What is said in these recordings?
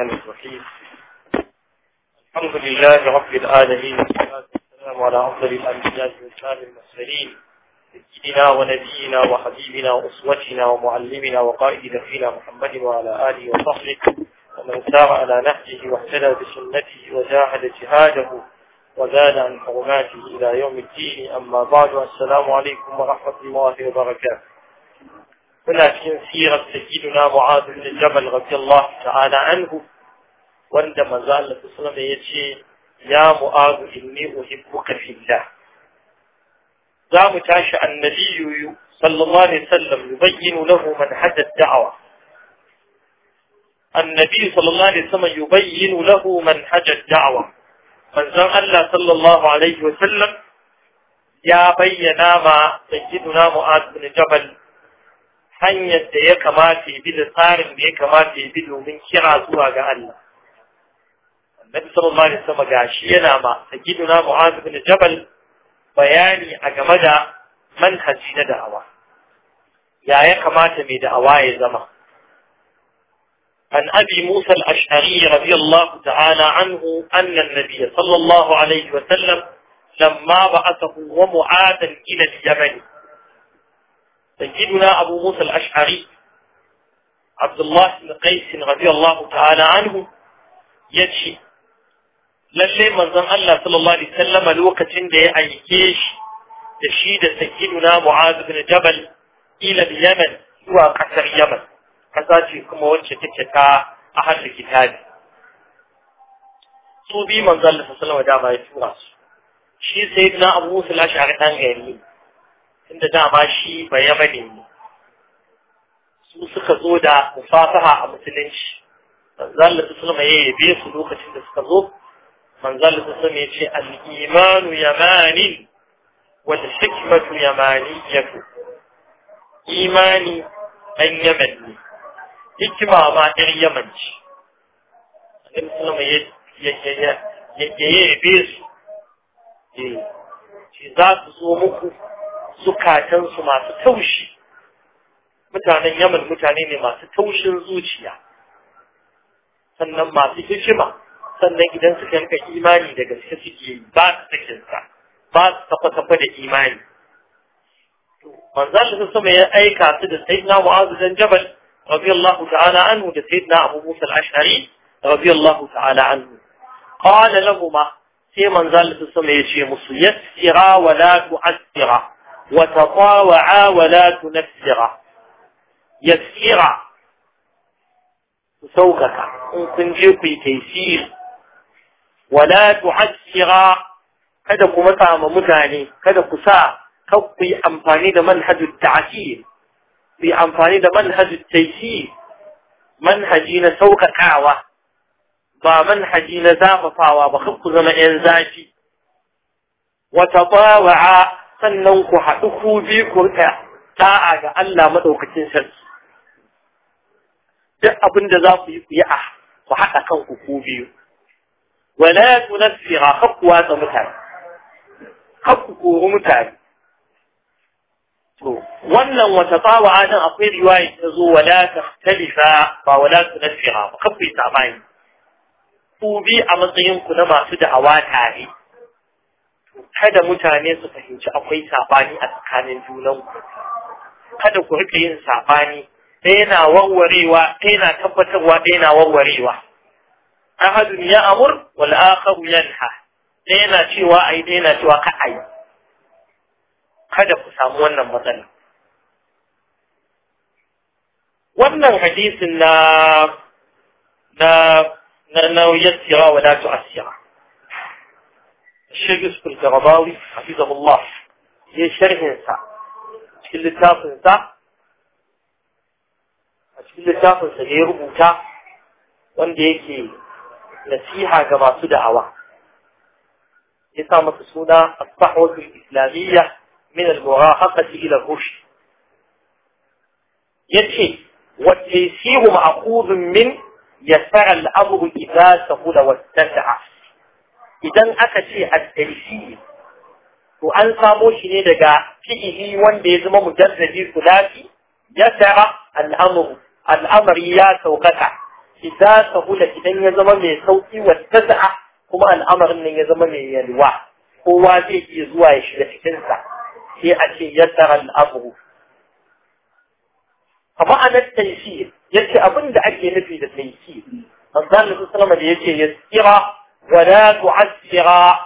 الرحمن الرحيم الحمد لله رب العالمين والسلام على أفضل الأنبياء والسلام المسلمين سيدنا ونبينا وحبيبنا وأسوتنا ومعلمنا وقائد دفينا محمد وعلى آله وصحبه ومن سار على نهجه واهتدى بسنته وجاهد جهاده وزاد عن حرماته إلى يوم الدين أما بعد السلام عليكم ورحمة الله وبركاته هنا في سيرة سيدنا معاذ بن جبل رضي الله تعالى عنه wanda manzo Allah sallallahu alaihi yace ya mu'azu inni uhibbuka fillah za mu tashi annabi sallallahu alaihi wasallam yubayyinu lahu man hada dawa annabi sallallahu alaihi wasallam yubayyinu lahu man hada dawa manzo Allah sallallahu alaihi wasallam ya bayyana ma sayyiduna mu'az bin jabal hanyar da ya kamata ya bi da tsarin da ya kamata ya bi domin kira zuwa ga Allah النبي صلى الله عليه وسلم yana ma sayyiduna mu'az ibn jabal bayani a game da manhaji na da'awa ya ya kamata mai da'awa ya عن أبي موسى الأشعري رضي الله تعالى عنه أن النبي صلى الله عليه وسلم لما بعثه ومعاذا إلى اليمن سيدنا أبو موسى الأشعري عبد الله بن قيس رضي الله تعالى عنه يجي lalle manzon Allah sallallahu alaihi wasallam lokacin da ya aike shi da shi da sayyiduna Mu'az bin Jabal ila Yaman zuwa kasar Yaman kasa ce kuma wacce take ta a ahal kitabi su bi manzon Allah sallallahu alaihi wasallam da ya tura su shi sayyiduna Abu Musa al dan gari inda dama shi ba ne su suka zo da mufasaha a musulunci manzon Allah sallallahu alaihi wasallam ya yabe su lokacin da suka zo manzal su sun ce al-imanu yamanin wal yamani yamaniyatu imani ɗan yaman ne hikima ma ɗan yaman ce ɗan sallama ya ya ya ya ya su shi eh, za su zo muku zukatansu masu taushi mutanen yaman mutane ne masu taushin zuciya sannan masu hikima sannan idan suka rika imani da gaske suke ba su sakinsa ba su tafa-tafa da imani manzan shi sama ya aika su da sayyidina mu'azu dan jabal radiyallahu ta'ala anhu da sayyidina abu musa al-ashari radiyallahu ta'ala anhu qala lahumma sai manzan shi sama ya ce musu yassira wa la tu'assira wa tatawa'a wa la tunassira yassira ku saukaka in kun je ku yi taisiri ولا tu'assira kada ku mata ma mutane kada ku sa kar ku yi amfani da manhajul ta'sir bi amfani da manhajul taysir manhaji na saukakawa ba manhaji na zafafawa ba kar ku zama yan zafi wa tatawa'a sannan ku hadu ku bi ku rika da'a ga Allah madaukakin sarki duk abinda za ku yi ku yi a ku haɗa kanku ku biyu wala tunaffira hakku watsa mutane hakku koro mutane to wannan wata tsawa nan akwai riwaya ta zo wala tahtalifa ba wala tunaffira ba kafi yi sabani ku bi a matsayin ku na masu da'awa tare kada mutane su fahimci akwai sabani a tsakanin junanku kada ku rika yin sabani ɗaya na warwarewa ɗaya na tabbatarwa ɗaya na warwarewa أحد يأمر والآخر ينحى لينا تيوى أي لينا تيوى كأي هذا قسامونا مثلا وانا حديث لا لا لا نويسر ولا تؤسر الشيخ اسم القرباوي حفظه الله يشرح نساء كل تاف نساء كل تاف نساء يربو تاف وان ديكي نسيها كما تدعوى إقامة السنة الصحوة الإسلامية من المراهقة إلى الرشد يتي والتيسير مأخوذ من يسر الأمر إذا سهل واتسع إذا أكتي التيسير وأن صاموش ندقى فيه وان بيزم مجزد ثلاثي يسر الأمر الأمر يا سوقتع إذا سهولة إذن يزم من كما الأمر من يزم من يلوى هو يزوى في يسر الأمر فما التيسير يكي أبن دعكي نبي التيسير صلى الله عليه وسلم يسير ولا تعسر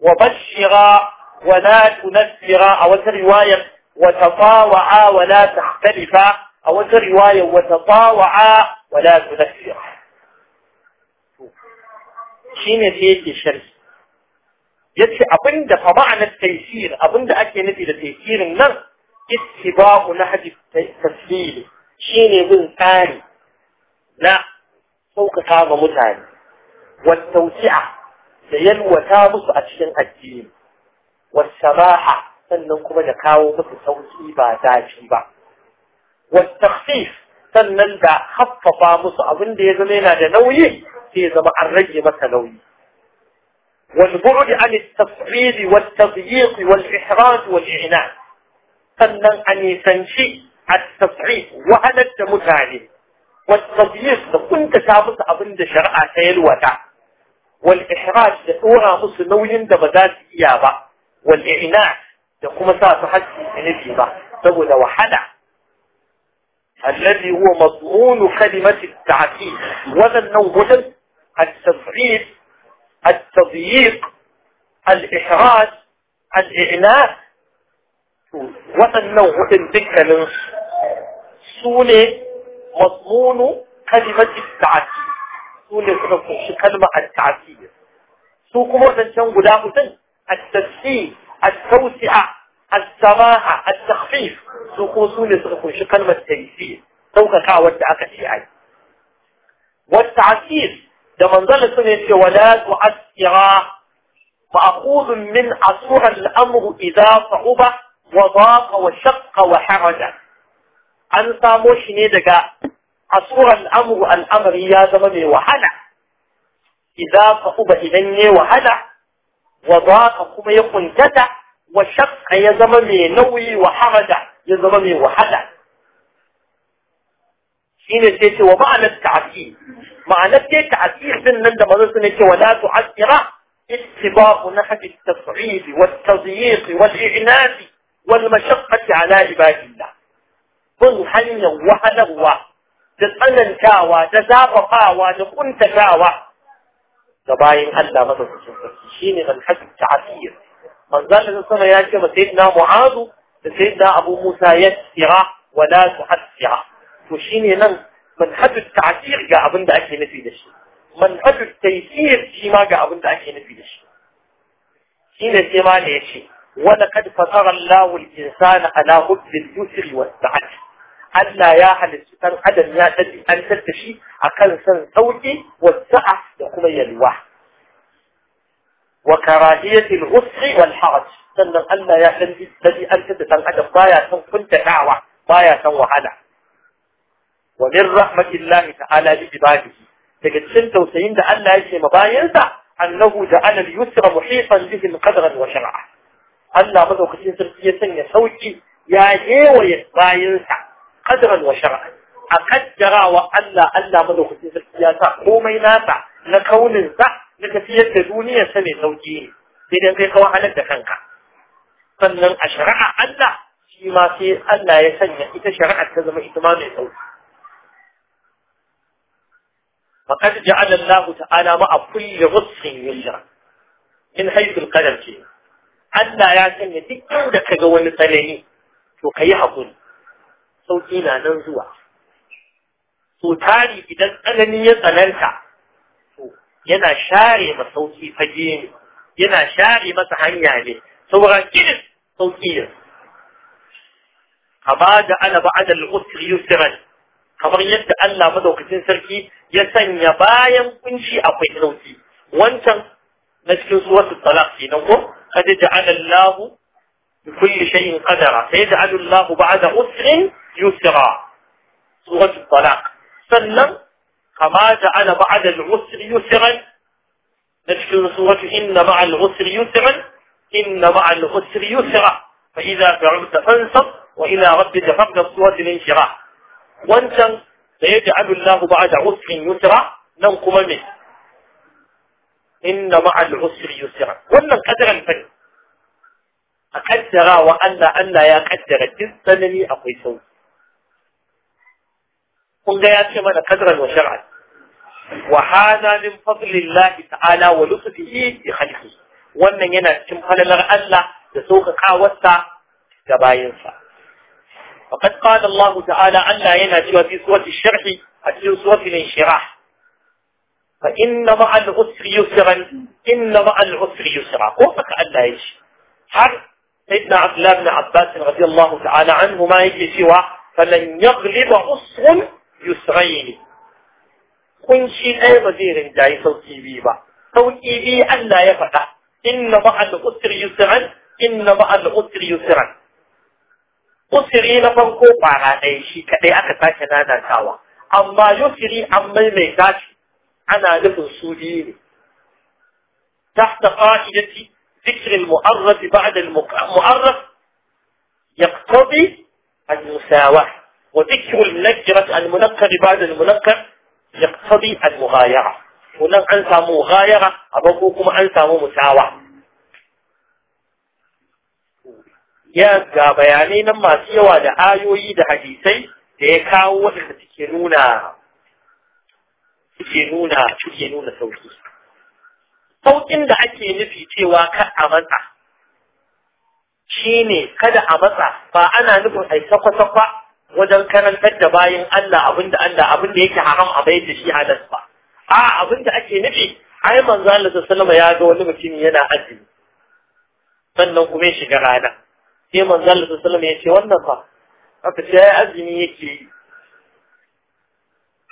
وبشر ولا تنفر أو الرواية وتطاوعا ولا تختلفا أو الرواية وتطاوعا ولا تذكر شين يتيكي شرس يتي أبند فمعنى التيسير أبند أكي نتي لتيسير النر اتباع نحج التسليل شين يقول تاني لا فوق هذا متاني والتوسعة سيلوى تابس أشياء الدين والسماحة سنكم نكاو مثل والتخفيف sannan da haffafa musu abin da ya zama yana da nauyi sai ya zama an rage masa nauyi والبعد عن التفصيل والتضييق والإحراج والإعنان sannan a nisanci a tafi wahalar da mutane والتضييق da kuntata musu abin da shari'a ta yalwata wal ihraj da dora musu nauyin da ba za su iya ba wal i'na da kuma sa su hakki ne ba saboda wahala الذي هو مضمون كلمة التعكيد وذنه هدى التضييق التضييق الإحراج الإعناء وذنه هدى ذكر سونة مضمون كلمة التعكيد سونة نفسه كلمة التعكيد سوكم وذن شنو لا هدى التضييق السراحة التخفيف سوقوسون سوقون شو كلمة تيسير سوق كعوة عكسي عين والتعكير ده منظر سنة ولا تعسرا فأخوذ من عسر الأمر إذا صعوبة وضاق وشق وحرج أنت موش ندقى عسر الأمر الأمر يا زمني وحنع إذا صعوبة إذن وحنع وضاق كما يكون كتا وشق يا يزمم نوي يا يزمم وحدا شين السيسي ومعنى التعكير معنى التعكير في النجم نسنكي ولا تعكر اتباق نحك التصعيد والتضييق والإعناد والمشقة على عباد الله ظل وحدا وحنوى تسألن كاوى تزاب قاوى نكون تكاوى تباين هلا مثلا شين من حج التعكير فانزال لذلك صلى يعني الله عليه وسيدنا معاذ سيدنا أبو موسى يسرع ولا تحسرع فشين ينم من حد التعسير جاء عبند أكي نفيد الشيء من حد التيسير شما جاء عبند أكي نفيد الشيء شين سيما ليشي ولقد فصر الله الإنسان على غد اليسر والسعد ألا يا أهل السكر عدم يا تدري أن تلتشي أقل سنة أولي والسعة يقول لي الواحد وكراهية الغسل والحرج سنة أن يحلم بالتدي أن تدفن أجب ضايا سن كنت دعوة ضايا سن وحدة ومن رحمة الله تعالى لإبابه تجد سنت وسيند أن لا يجي مباين أنه جعل اليسر محيطا بهم قدرا وشرعا أن مدوك سنسر في سنة سوجي يا هيو يتباين قدرا وشرعا أقد جرى وأن أن مدوك سنسر في سنة قومينا نكون الزحف na tafiyar da duniya sa mai sauki ne sai dan kai ka wahalar da kanka sannan a shari'a Allah shi ma sai Allah ya sanya ita shari'ar ta zama ita ma mai sauki فقد جعل ta'ala a kulli ghusn غص in haythu al-qadar كينا Allah ya sanya duk da ka ga wani tsanani to ka yi sauki na nan zuwa to tari idan tsanani ya tsananta yana share ma sauki fage ne yana share masa hanya ne saboda kiris sauki ne kama da ana ba'ad al-usr yusran kamar yadda Allah madaukakin sarki ya sanya bayan kunci akwai sauki wancan na cikin suratul talaq kenan ko kad ja'ala Allah kulli shay'in qadara sayaj'alu Allah ba'da usr yusra suratul talaq sannan كما جعل بعد العسر يسرا نذكر سورة إن مع العسر يسرا إن مع العسر يسرا فإذا فعلت فانصب وإلى ربك فارغب سورة الانشراح وانت سيجعل الله بعد عسر يسرا ننقم منه إن مع العسر يسرا وإن kadaran الفن أكثر وأن أن Allah Allah ya kaddara duk قل يا شمال قدرا وشرعا وهذا من فضل الله تعالى ولطفه لخلقه وان ينا تم خلل الله لسوق قاوسا تباينسا وقد قال الله تعالى ان لا ينا شوى في سورة الشرح في سورة الانشراح فإن مع العسر يسرا إن مع العسر يسرا وفك أن لا يش حر سيدنا عبد الله بن عباس رضي الله تعالى عنه ما يجي سوى فلن يغلب عسر يسرين كن شي اي وزير جاي صوتي بي با صوتي بي ان لا يفقى ان بعد اسر يسرا ان بعد اسر يسرا اسري لفن كو بارا اي شي كدي اكا تاكي نانا تاوا اما يسري ام مي مي تاكي انا لفن سوليني تحت قاعدة ذكر المؤرث بعد المؤرث يقتضي أن وذكر النكرة المنكر بعد المنكر يقتضي المغايرة a bako kuma أبوكم أنسى مساواة ya ga bayanai na masu yawa da ayoyi da hadisai da ya kawo waɗanda suke nuna suke nuna suke nuna sauki da ake nufi cewa kar a matsa shine kada a matsa ba ana nufin ai sakwa-sakwa wajen karantar da bayin Allah abinda Allah abinda yake haram a bai da shi halas ba a abinda ake nufi ai manzo Allah sallallahu alaihi ya ga wani mutum yana azumi sannan kuma ya shiga rana sai manzo Allah sallallahu alaihi ya ce wannan fa aka ce ai azumi yake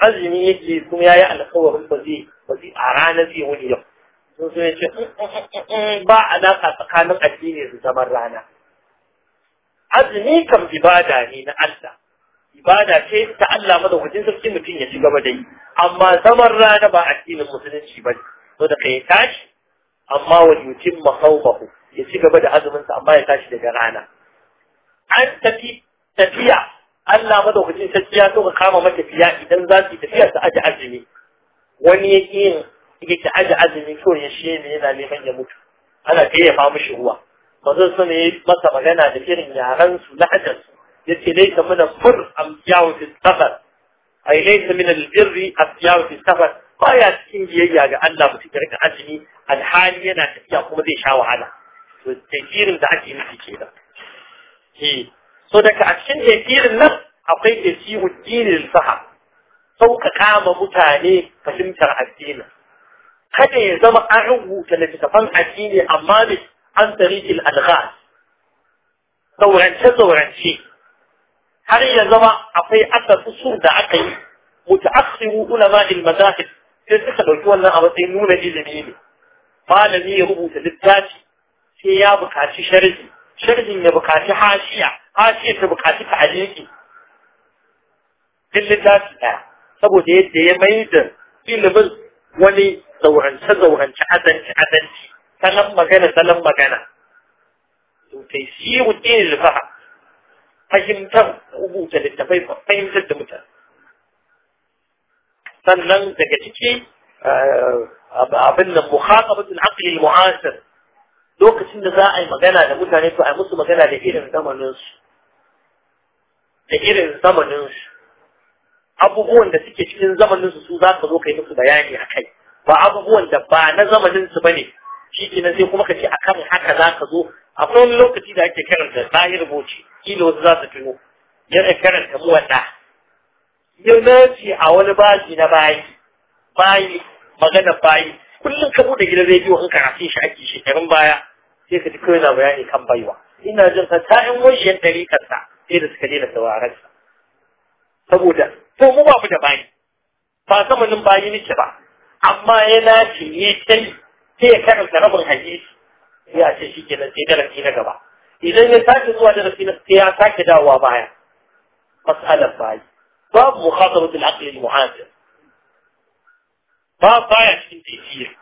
azumi yake kuma yayi alƙawarin ba zai ba zai a rana zai wuni yau sun sun ce mm, mm, mm, ba alaƙa tsakanin addini da zaman rana azumi kam ibada ne na Allah ibada ce ta Allah madaukakin sarki mutum ya ci gaba da yi amma zaman rana ba addinin musulunci ba to da kai tashi amma wa yutimma sawmahu ya ci gaba da azumin sa amma ya tashi daga rana an tafi tafiya Allah madaukakin sarki ya so ka kama matafiya idan za su tafiya su aji azumi wani yake yin yake aji azumi ko ya shi ne yana neman ya mutu ana kai ya fa mishi ruwa manzon ya yi masa magana da irin yaran su lahajar su التي ليس من الفر أم في السفر أي ليس من البر أم في السفر فأي أتكين بي يا أن لا بتكرك أجني الحالية ناسك يا أقوم دي شاوة على تيثير دا أجني في كيدا هي صدك أتكين تيثير النفس أقوي تيثير الدين للصحة سوك كام متاني فسمتر الدين kada ya zama an rubuta littattafan addini amma ne an tsari ilalghaz saurance-saurance هل يزمع أفي أثر أصول دعاكي متأخروا علماء المذاهب في الإخلاء يقولنا أبطينون للمين قال لي ربوس للذات في يا بكاتي شرزي شرزي يا بكاتي حاشية حاشية بكاتي فعليكي كل ذات لا سبو دي دي ميد في لبل ولي دوران سدوران شعزن شعزن سلم مغانا سلم مغانا تيسير الدين الفحر fahimtar rubuta littafai fahimtar da mutane sannan daga ciki eh, abin nan muhaqabatul aqli mu'asir lokacin da za a yi magana da mutane to a yi musu magana da irin zamanin da irin zamanin abubuwan da suke cikin zamanin su su za ka zo kai musu bayani a ba abubuwan da ba na zamaninsu ba ne. shi kenan sai kuma ka ce akan haka za ka zo akwai wani lokaci da ake karanta zahir boci kila wasu za su tuno yana karanta mu Yau na ce a wani baji na bayi bayi magana bayi kullum ka bude gidan rediyo in karatun shi ake shekarun baya sai ka ji kawai na bayani kan baiwa ina jin ka ta yan wajen dariƙarsa sai da suka daina sauraron sa saboda to mu ba mu da bayi ba nan bayi nake ba amma yana ce ne sai ya karanta rabin hadisi ya ce shi kenan sai darasi na gaba idan ya sake zuwa darasi na sai ya sake dawowa baya mas'alar bayi babu mukhatabatul aqli al muhasib ba baya cikin tafiyar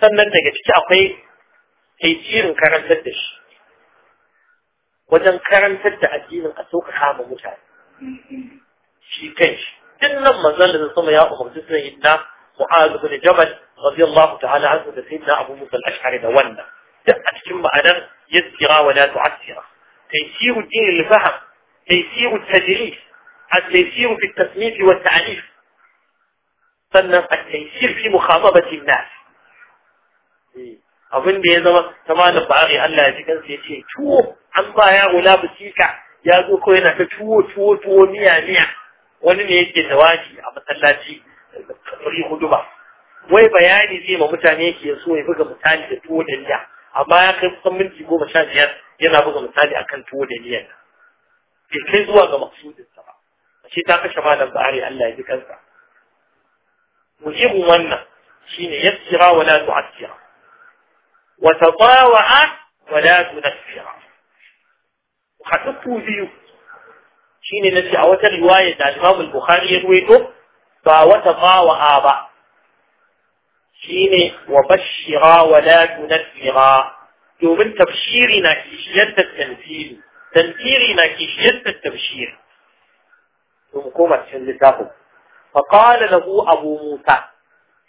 sannan daga ciki akwai tafsirin karantar da shi wajen karantar da addinin a sauƙaƙa ma mutane shi kan shi duk nan manzon da sama ya umarci suna yin na معاذ بن جبل رضي الله تعالى عنه سيدنا أبو موسى الأشعري دولنا دعت ثم أنا يذكر ولا تعسر تيسير الدين الفهم تيسير التدريس التيسير في التسميث والتعريف صنع التيسير في مخاطبة الناس أظن بإذن الله تمام البعاري ألا يجب أن تيسير شو عمضى يا غلاب سيكا يا ذوكو هنا شو شو شو مية مية ونمي يجي زواجي لا تجي fari huduma wai bayani zai ma mutane yake so ya buga misali da tuwo da liya, amma ya kai kusan minti goma sha biyar yana buga misali akan tuwo da miyan nan bai kai zuwa ga maksudinsa ba shi ta kashe malam ba'ari Allah ya ji kansa muhimmin wannan shine yassira wa la tu'assira wa tatawa'a wa la tunassira hadu biyu shine nace a wata riwaya da Imam Bukhari ya ruwaito ba wata fawa'a ba shine wa bashira wa la tunfira domin tafshiri na kishiyar da tanfiri tanfiri na kishiyar da tafshiri to mu koma cikin littafin fa qala lahu abu musa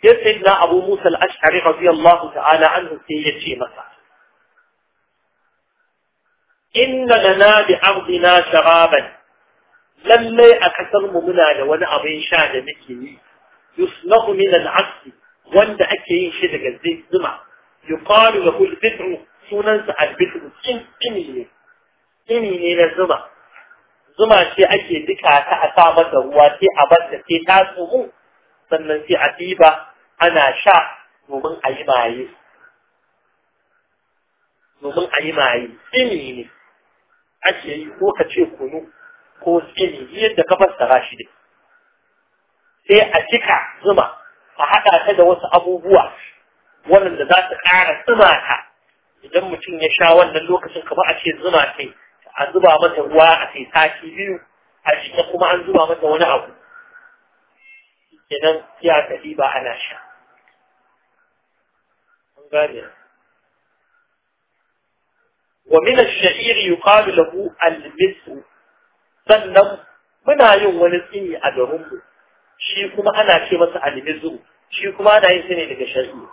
sai sayyidina abu musa al-ash'ari radiyallahu ta'ala anhu sai ya ce masa inna lana bi ardina sharaban lallai a kasar mu muna da wani abin sha da muke yi yusnahu min al-asli wanda ake yin shi daga zuma yuqalu lahu al-bid'u sunansa al-bid'u kin ne ini ne na zuma zuma ce ake duka ta a sa mata ruwa sai a barta sai ta tsumu sannan sai a diba ana sha domin a yi maye domin a yi maye ini ne ake yi ko ka ce kunu ko tsini yadda ka fassara shi ne sai a cika zuma a haɗa ta da wasu abubuwa waɗanda za su ƙara zuma ta idan mutum ya sha wannan lokacin kamar a ce zuma kai a zuba mata ruwa a kai sati biyu a cikin kuma an zuba mata wani abu kenan ya a ba ana sha an gane ومن الشعير يقال له المسو sannan muna yin wani tsini a garinmu shi kuma ana ce masa alimizu shi kuma ana yin sani daga shari'i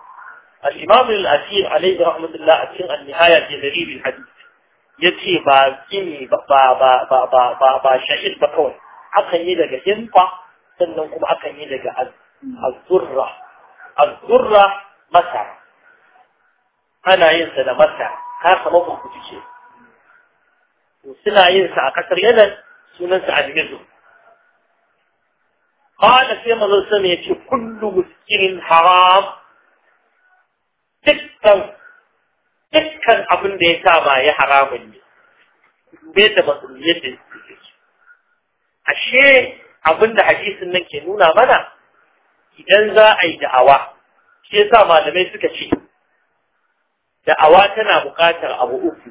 al-imam al-asir alayhi rahmatullah a cikin al-nihaya fi gharib al-hadith yace ba tsini ba ba ba ba ba ba shahid ba kawai akan yi daga hinfa sannan kuma akan yi daga az-zurra az-zurra masa ana yin sa da masa ka samu kuku ce suna yin sa a kasar yanan sunansa a jirgin Kala sai mazan sama ya ce kullum muskirin haram dukkan abin da ya sa ba ya haramun ne, bai da matsaloliyar da suke ce. Ashe abin da hadisin nan ke nuna mana idan za a yi da'awa, ke sa malamai suka ce, da'awa tana bukatar abu uku,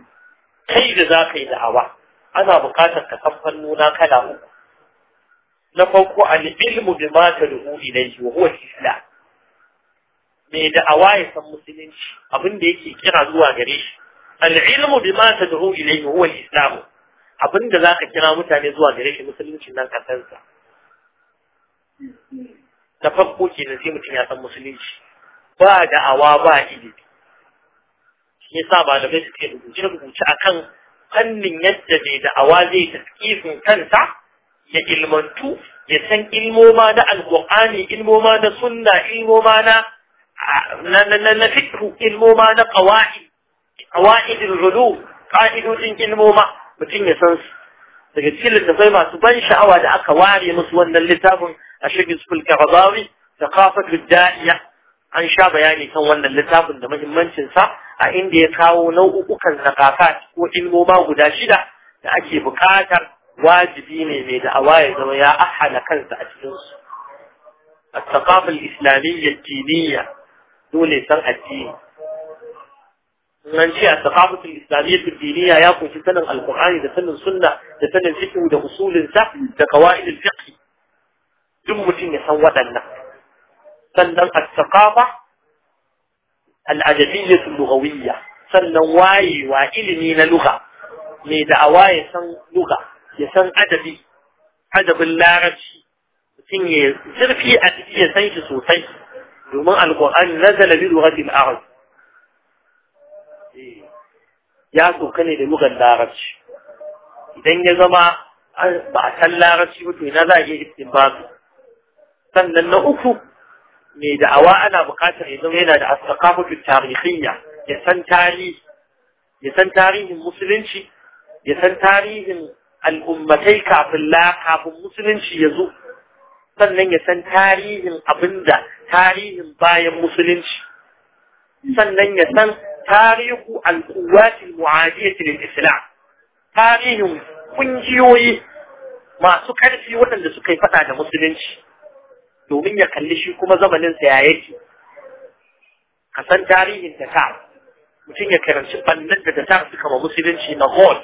kai da za ka yi da'awa. ana buƙatar ka san nuna kala uku na farko al-ilmu bima tad'u ilayhi wa huwa al me da awaye san musulunci abin da yake kira zuwa gare shi al-ilmu bima da ilayhi huwa islam abin da zaka kira mutane zuwa gare shi musulunci nan kasansa da farko kenan sai mutum ya san musulunci ba da awa ba ilimi shi yasa malamai suke rubuce rubuce akan fannin yadda bai da awa zai taskifin kanta ya ilmantu ya san ilmoma na alƙur'ani ilmoma na sunna ilmoma na na na fikru ilmoma na qawaid qawaidul ghulu qa'idodin ilmoma mutum ya san su daga cikin da sai masu ban sha'awa da aka ware musu wannan littafin a shigin sulka gazawi da kafatul da'iya an sha bayani kan wannan littafin da muhimmancin sa a inda ya kawo nau'ukan zakafa ko ilmoma guda shida da ake buƙatar wajibi ne mai da'awa ya zama ya ahala kansa a cikin su al-thaqafa al-islamiyya al-diniyya cikinsu. الثقافة الإسلامية الدينية دون al الدين al شيء الثقافة الإسلامية الدينية يكون في سنة القرآن ده da السنة ده da الفقه ده da الزحف ده قواعد الفقه دم متن يسوى سلم الثقافة العجبية اللغوية سلم واي وإلي من لغة ميدا أواي سن لغة يسن أدبي أدب اللارج سنية سرفي أدبية سنية سوتي لما القرآن نزل للغة الأرض ya so kane da lugar larabci idan ya zama ba san larabci ba to mai da'awa ana buƙatar ya zama yana da asakafutu tarihiyya ya san tarihi ya san tarihin musulunci ya san tarihin al'ummatai kafin la kafin musulunci ya zo sannan ya san tarihin abinda tarihin bayan musulunci sannan ya san tarihu al-quwwatil mu'adiyyati lil islam tarihin kungiyoyi masu karfi waɗanda suka yi fada da musulunci domin ya kalli shi kuma zamanin sa ya yake kasan tarihin da ka mutun ya karanci bannan da ta suka ba musulunci na hol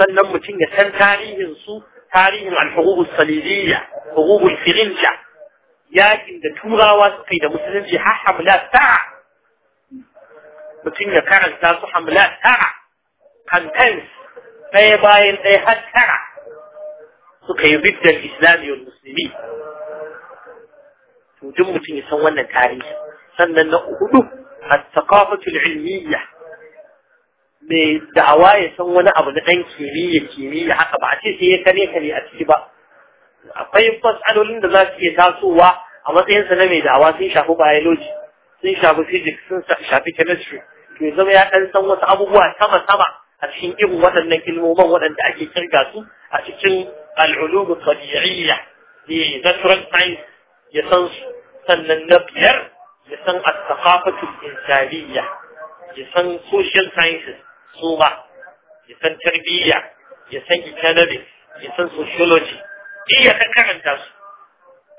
sannan mutun ya san tarihin su tarihin al al salidiyya huquq al-firinja yakin da turawa suka yi da musulunci har hamla ta mutun ya karanta su hamla ta campaigns ɗaya bayan ɗaya har tara suka yi biddal islami wal musulmi to duk mutum ya san wannan tarihi sannan na hudu at-thaqafatu al-ilmiyya mai da'awa ya san wani abu na dan kimiyya kimiyya haka ba a ce sai ya kare kare a ciki ba akwai fasalolin da za su iya tasowa a matsayinsa na mai da'awa sun shafi biology sun shafi physics sun shafi chemistry to ya zama ya dan san wasu abubuwa sama sama a cikin irin waɗannan ilmoman waɗanda ake kirga su a cikin al'ulum tabi'iyya the natural science ya san sannan na biyar ya san al-thaqafatul ya san social sciences su ba ya san tarbiyya ya san economics ya san sociology ya karanta su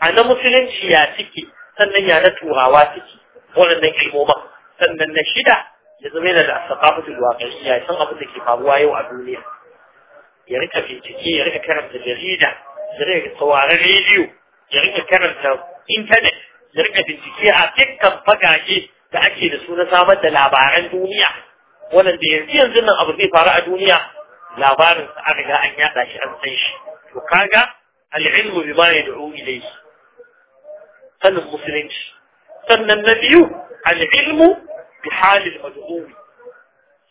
a na musulunci ya ciki sannan ya na turawa ciki waɗannan ilmoma sannan na shida ya zama yana da asakafatul waƙariya ya san abin da ke faruwa yau a duniya ya rika bincike ya rika karanta jarida ya rika sauraron rediyo ya rika karanta intanet ya rika bincike a dukkan fagage da ake da su na samar da labaran duniya wannan da yanzu yanzu nan abu zai faru a duniya labarin sa an riga an yada shi an san shi to kaga al-ilmu bima yad'u ilayhi sanin musulunci sannan na biyu al-ilmu bi halil mad'u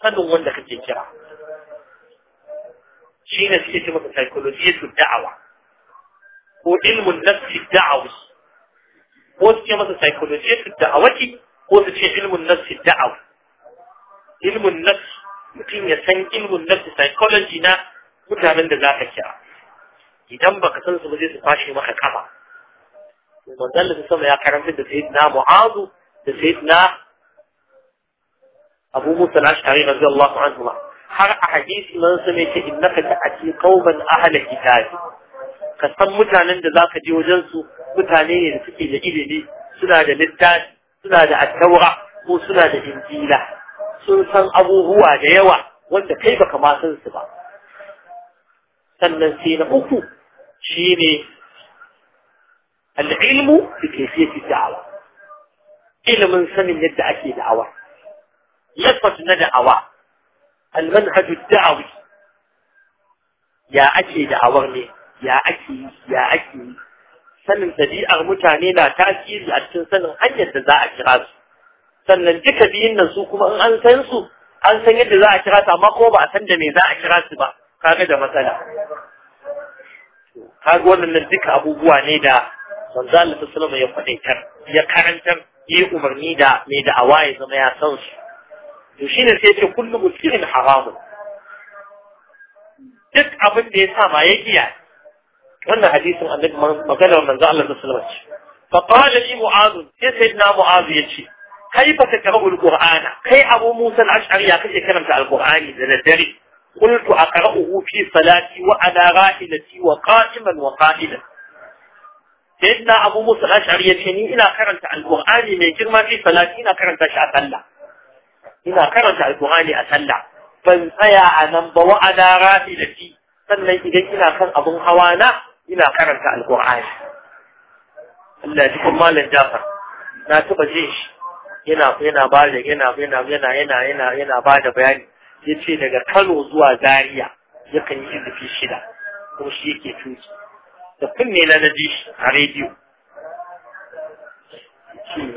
sanin wanda kake kira shi ne suke ce maka psychology da'awa ko ilmun nafsi da'awi ko su ce masa psychology da'awati ko su ce ilmun nafsi da'awi ilmun nafsi mutum ya san ilmun nafsi psychology na mutanen da za ka kira idan baka san su ba zai su kwashe maka kafa manzon da sama ya karanta da sayyidina mu'azu da sayyidina abu musa al-ashari radiyallahu anhu har a hadisi man sama yake innaka ta'ati qauman ahla kitabi ka san mutanen da zaka je wajen su mutane ne da suke da ilimi suna da littafi suna da attaura ko suna da injila sun san abubuwa da yawa wanda kai baka ma san su ba sannan sai na uku shine al-ilmu bi kayfiyati da'awa. ilimin sanin yadda ake da'awa lafaz na da'awa al-manhaj ad ya ake da'awar ne ya ake yi ya ake yi sanin tabi'ar mutane na tasiri a cikin sanin hanyar da za a kira su sannan duka biyun nan su kuma in an san su an san yadda za a kira su amma kuma ba a san da me za a kira su ba kaga da matsala kaga wannan duka abubuwa ne da manzo Allah sallallahu ya faɗaitar ya karantar yi umarni da mai da awaye zama ya san su to shine sai ce kullu muskirin haramun duk abin da ya sa ba ya kiyaye wannan حديث ان maganar manzo من زعل المسلمات فقال لي معاذ يا سيدنا معاذ yace kai baka karɓi alqur'ana kai abu musa al-ash'ari ya kace karanta alqur'ani da قلت أقرأه في صلاتي وأنا راحلتي وقائما وقائلا سيدنا أبو موسى الأشعري يتني إلى قرنت القرآن من جرما في صلاتي إلى قرنت أسلع إلى قرنت القرآن أسلع فانسيا أنم وأنا راحلتي سنة إذا إلى قرن أبو هوانا ina karanta alkur'ani Allah ji kuma malam Jafar na tuba jin shi yana yana ba da yana yana yana yana yana yana ba da bayani yace daga Kano zuwa Zaria yakan yi izifi shida ko shi yake tuki da kunne na shi a rediyo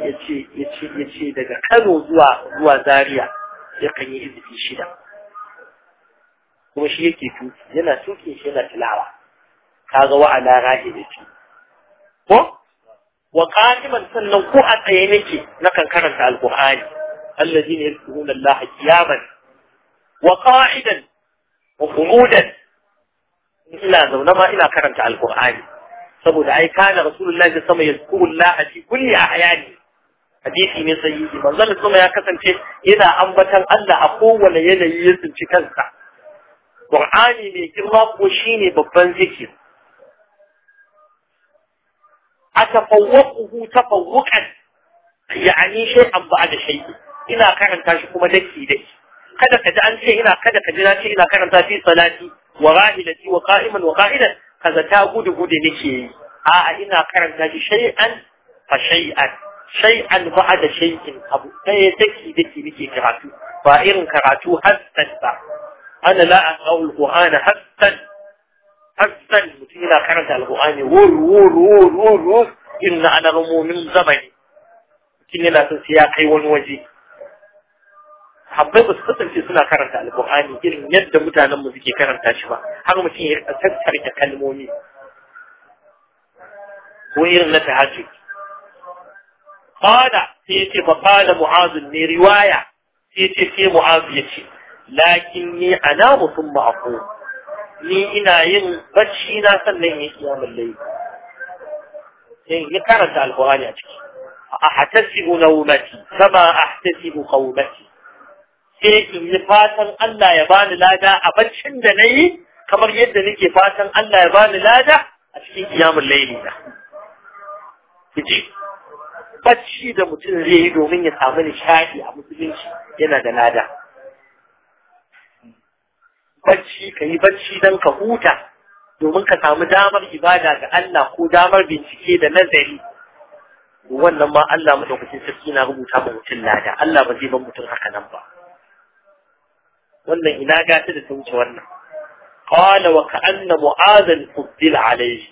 yace yace yace daga Kano zuwa zuwa Zaria yakan yi izifi shida kuma shi yake tuki yana tuki shi yana tilawa kaga wa ala rahibati ko wa qa'iman sannan ko a tsaye nake nakan karanta alqur'ani alladhina yadhkuruna allaha qiyaman wa qa'idan wa qu'udan ina zaune ma ina karanta alqur'ani saboda ai kana rasulullahi sallallahu alaihi wasallam yadhkuru allaha fi kulli ahyani hadisi ne sahihi manzon kuma ya kasance yana ambatan Allah a kowane yanayi ya tsinci kansa Qur'ani mai girma ko shine babban zikir أتفوقه تفوقا يعني شيئا بعد شيء ina karanta shi kuma daki daki kada ka ji an ce ina kada ka ji na ce ina karanta fi salati wa rahilati wa qa'iman wa qa'idan kaza ta gudu gudu nake yi a'a ina karanta shi shay'an fa shay'an shay'an ba'da shay'in abu sai daki daki nake karatu ba irin karatu hasan ba ana la aqra'u al-qur'ana hasan أزل متينا كانت القرآن ور ور ور ور ور إن على رموم الزمن كن لا تسياقي ونوجي حبيب الخطر في سنة كانت القرآن إن يد متانا مزيكي كانت أشبا هذا متين يرأسك تاري تكلموني وير نتهاجي قال سيتي فقال معاذ ني رواية سيتي في معاذ يتي لكني أنام ثم أقوم ni ina yin bacci na sannan ya kiyamun layi sai ya karanta alkurani a ciki a hatasibu naumati kama ahtasibu qaumati sai in yi fatan Allah ya bani lada a baccin da nayi kamar yadda nake fatan Allah ya bani lada a cikin kiyamun layi na kiji bacci da mutum zai yi domin ya samu nishaɗi a musulunci yana da lada bacci ka bacci dan ka huta domin ka samu damar ibada ga Allah ko damar bincike da nazari wannan ma Allah madaukakin sarki na rubuta ba mutun lada Allah ba zai ban mutun haka nan ba wannan ina ga gata da tunci wannan qala wa ka'anna mu'adhan fuddil alayhi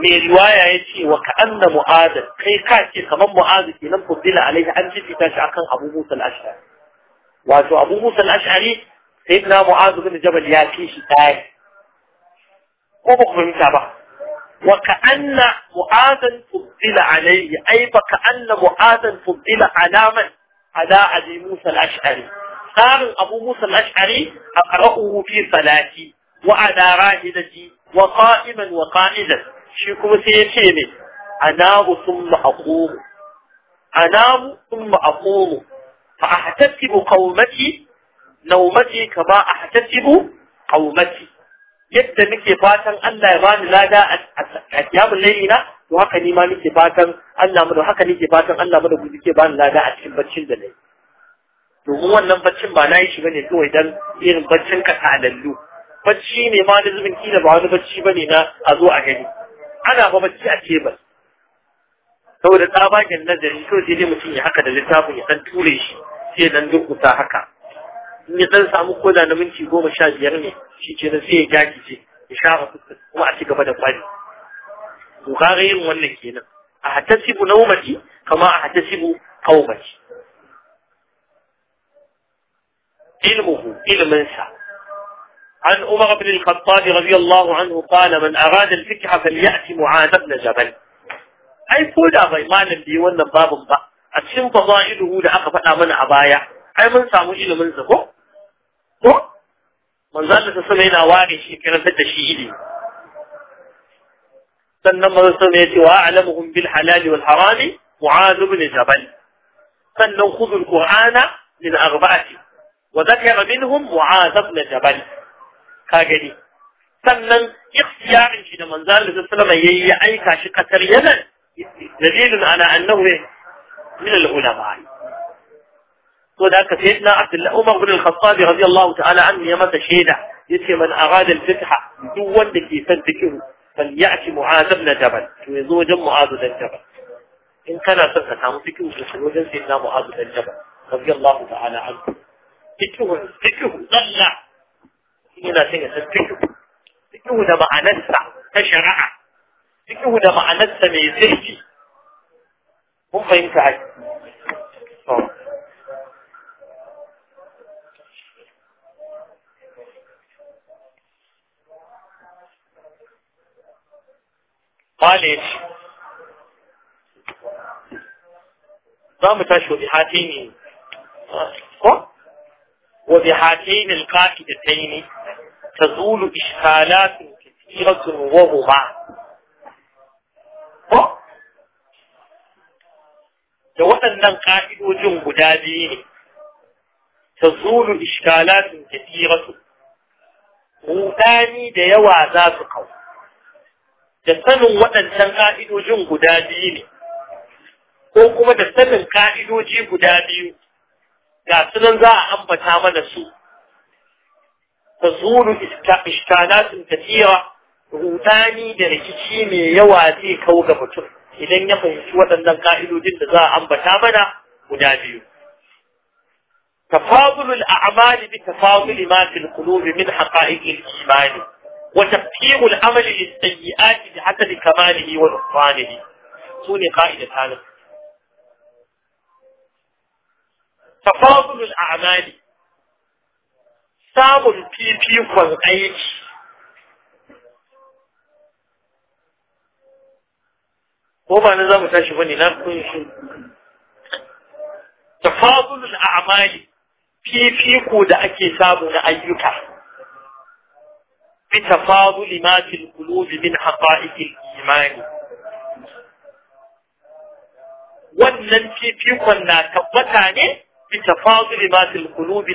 mai riwaya yace wa ka'anna mu'azan kai ka ce kaman mu'azan kenan fuddil alayhi an jifita shi akan abu musa al-ash'ari wato abu musa al-ash'ari سيدنا معاذ بن جبل ياكيش تاي وبقم انتبا وكأن معاذا فضل عليه أي فكأن معاذا فضل على من على أبي موسى الأشعري صار أبو موسى الأشعري أقرأه في صلاتي وعلى راهدتي وقائما وقائدا شيكم سيشيني أنام ثم أقوم أنام ثم أقوم فأحتسب قومتي naumati ka ba a hatasibu qaumati yadda nake fatan Allah ya bani lada a kiyamun layina na to haka ni ma nake fatan Allah mu da haka nake fatan Allah mu da guji ke bani lada a cikin baccin da nayi domin wannan baccin ba na yi shi bane kawai dan irin baccin ka talallu bacci ne ma na zubin kila ba wani bacci bane na a zo a gani ana ba bacci a tebur. saboda tsabagen nazari to sai dai mutum ya haka da littafin ya san ture shi sai dan durkusa haka in ya samu koda na minti 15 ne shi ke nan sai ya gagice ya share fuska kuma a cigaba da kwari to ka ga yin wannan kenan a hatasibu naumati kama a hatasibu qaumati ilmuhu ilmin ilminsa عن عمر بن الخطاب رضي الله عنه قال من أراد الفكر فليأتي معاذ بن جبل ai ko da bai malam bai wannan babin ba a cikin fadailuhu da aka fada mana a baya ai mun samu ilimin sa ko ko manzo Allah ta sama yana ware shi karantar da shi ilimi sannan manzo sama yace wa a'lamuhum bil halal wal haram mu'adh ibn jabal sannan khudhu al qur'ana min arba'ati wa dhakara minhum mu'adh ibn jabal ka gani sannan ikhtiyarin shi da manzo Allah ta sama yayi ya aika shi kasar Yaman dalilun ala annahu min al ulama هناك سيدنا عبد الله عمر بن الخطاب رضي الله تعالى عنه يا متى شينا يتي من اراد الفتحة دون لكي فتكه فليعش معاذ بن جبل ويزو جم معاذ بن جبل ان كان سنك تامو فكه فسنو سيدنا معاذ بن جبل رضي الله تعالى عنه فكه فكه ظل هنا سنة فكه فكه دمع نسع تشرع فكه دمع نسع ميزيكي هم فينفعك Oh. mu tashi تشهد بهاتين ne. القاعدتين تزول إشكالات كثيرة وهما da waɗannan ƙa'idojin guda biyu ne ta zulu iskalatun kafiratu Ruɗani da yawa za su kawo da sanin waɗancan ƙa'idojin guda biyu ne, ko kuma da sanin ƙa'idoji guda biyu, ga sunan za a ambata mana su, ta zuru ishtanatun tafiya Rutani da rikici mai yawa zai kawo ga mutum idan ya fahimci waɗannan ƙa'idojin da za a ambata mana guda biyu. تفاضل الأعمال بتفاضل ما في القلوب من حقائق الإيمان وتفكير الأمل للسيئات بحسب كماله ونقصانه سوني قائد ثالث تفاضل الأعمال سام في في والعيش وما نظام تشوفني لا تكون شيء تفاضل الأعمال في في ake أكي na ayyuka بتفاضل ما في القلوب من حقائق الإيمان wannan fifikon na tabbata ne bi tafadul ma fil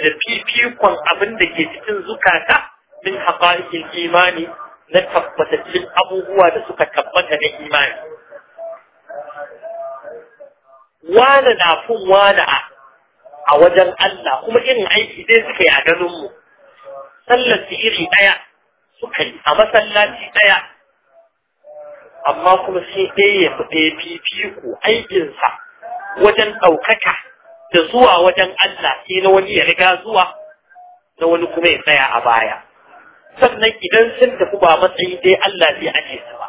da fifikon abin da ke cikin zukata min haƙa'ikin imani na tabbataccen abubuwa da suka tabbata na imani Wane na fun wane a wajen Allah kuma irin aiki zai suka yi a ganinmu, mu sallar iri ɗaya suka yi a masallaci ɗaya amma kuma sai ɗaya ya fi fifiko aikinsa wajen ɗaukaka da zuwa wajen Allah sai na wani ya riga zuwa na wani kuma ya tsaya a baya sannan idan sun tafi ba matsayi dai Allah zai aje su ba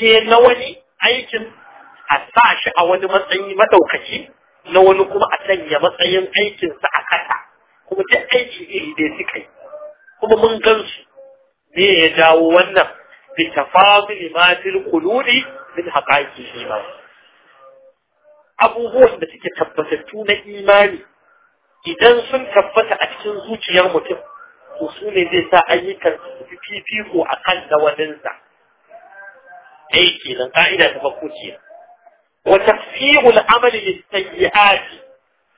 sai na wani aikin a sa shi a wani matsayi maɗaukaci na wani kuma a sanya matsayin aikinsa a kasa kuma duk aiki iri dai suka yi kuma mun gan su me ya jawo wannan bi tafadul ma fil quludi min haqaiqil iman abubuwan da suke tabbatattu na imani idan sun tabbata a cikin zuciyar mutum to su ne zai sa ayyukan su fifiko a kan da waninsa ɗaya kenan ƙa'ida ta farko ce wa tafsirul amali lisayyi'ati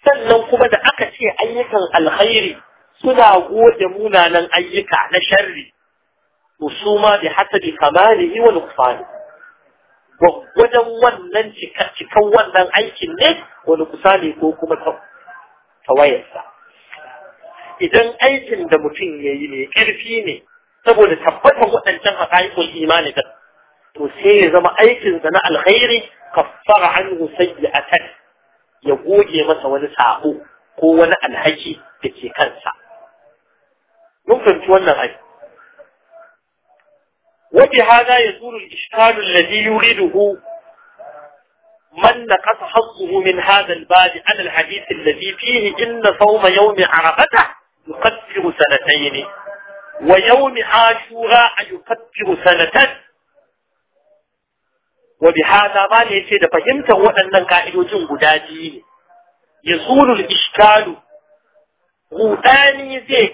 sannan kuma da aka ce ayyukan alkhairi suna goge munanan ayyuka na sharri وصوما بحسب كماله ونقصانه وجن ونن تكون ونن عيش النك ونقصانه كوكما توايسا إذن عيش دمتين ييني كرفيني تقول تبتهم أن جنها قائق الإيمان دم تسير زم عيش دمع الغير كفر عنه سيئتا يقوجي مسا ونساقو قوة الهجي بكي كنسا نفهم شو أنه عيش وبهذا يزول الإشكال الذي يريده من نقص حظه من هذا الباب على الحديث الذي فيه إن صوم يوم عرفة يكفر سنتين ويوم عاشوراء يكفر سنتين وبهذا ما ليس فهمت أن القائل جنب دادين يزول الإشكال rudani zai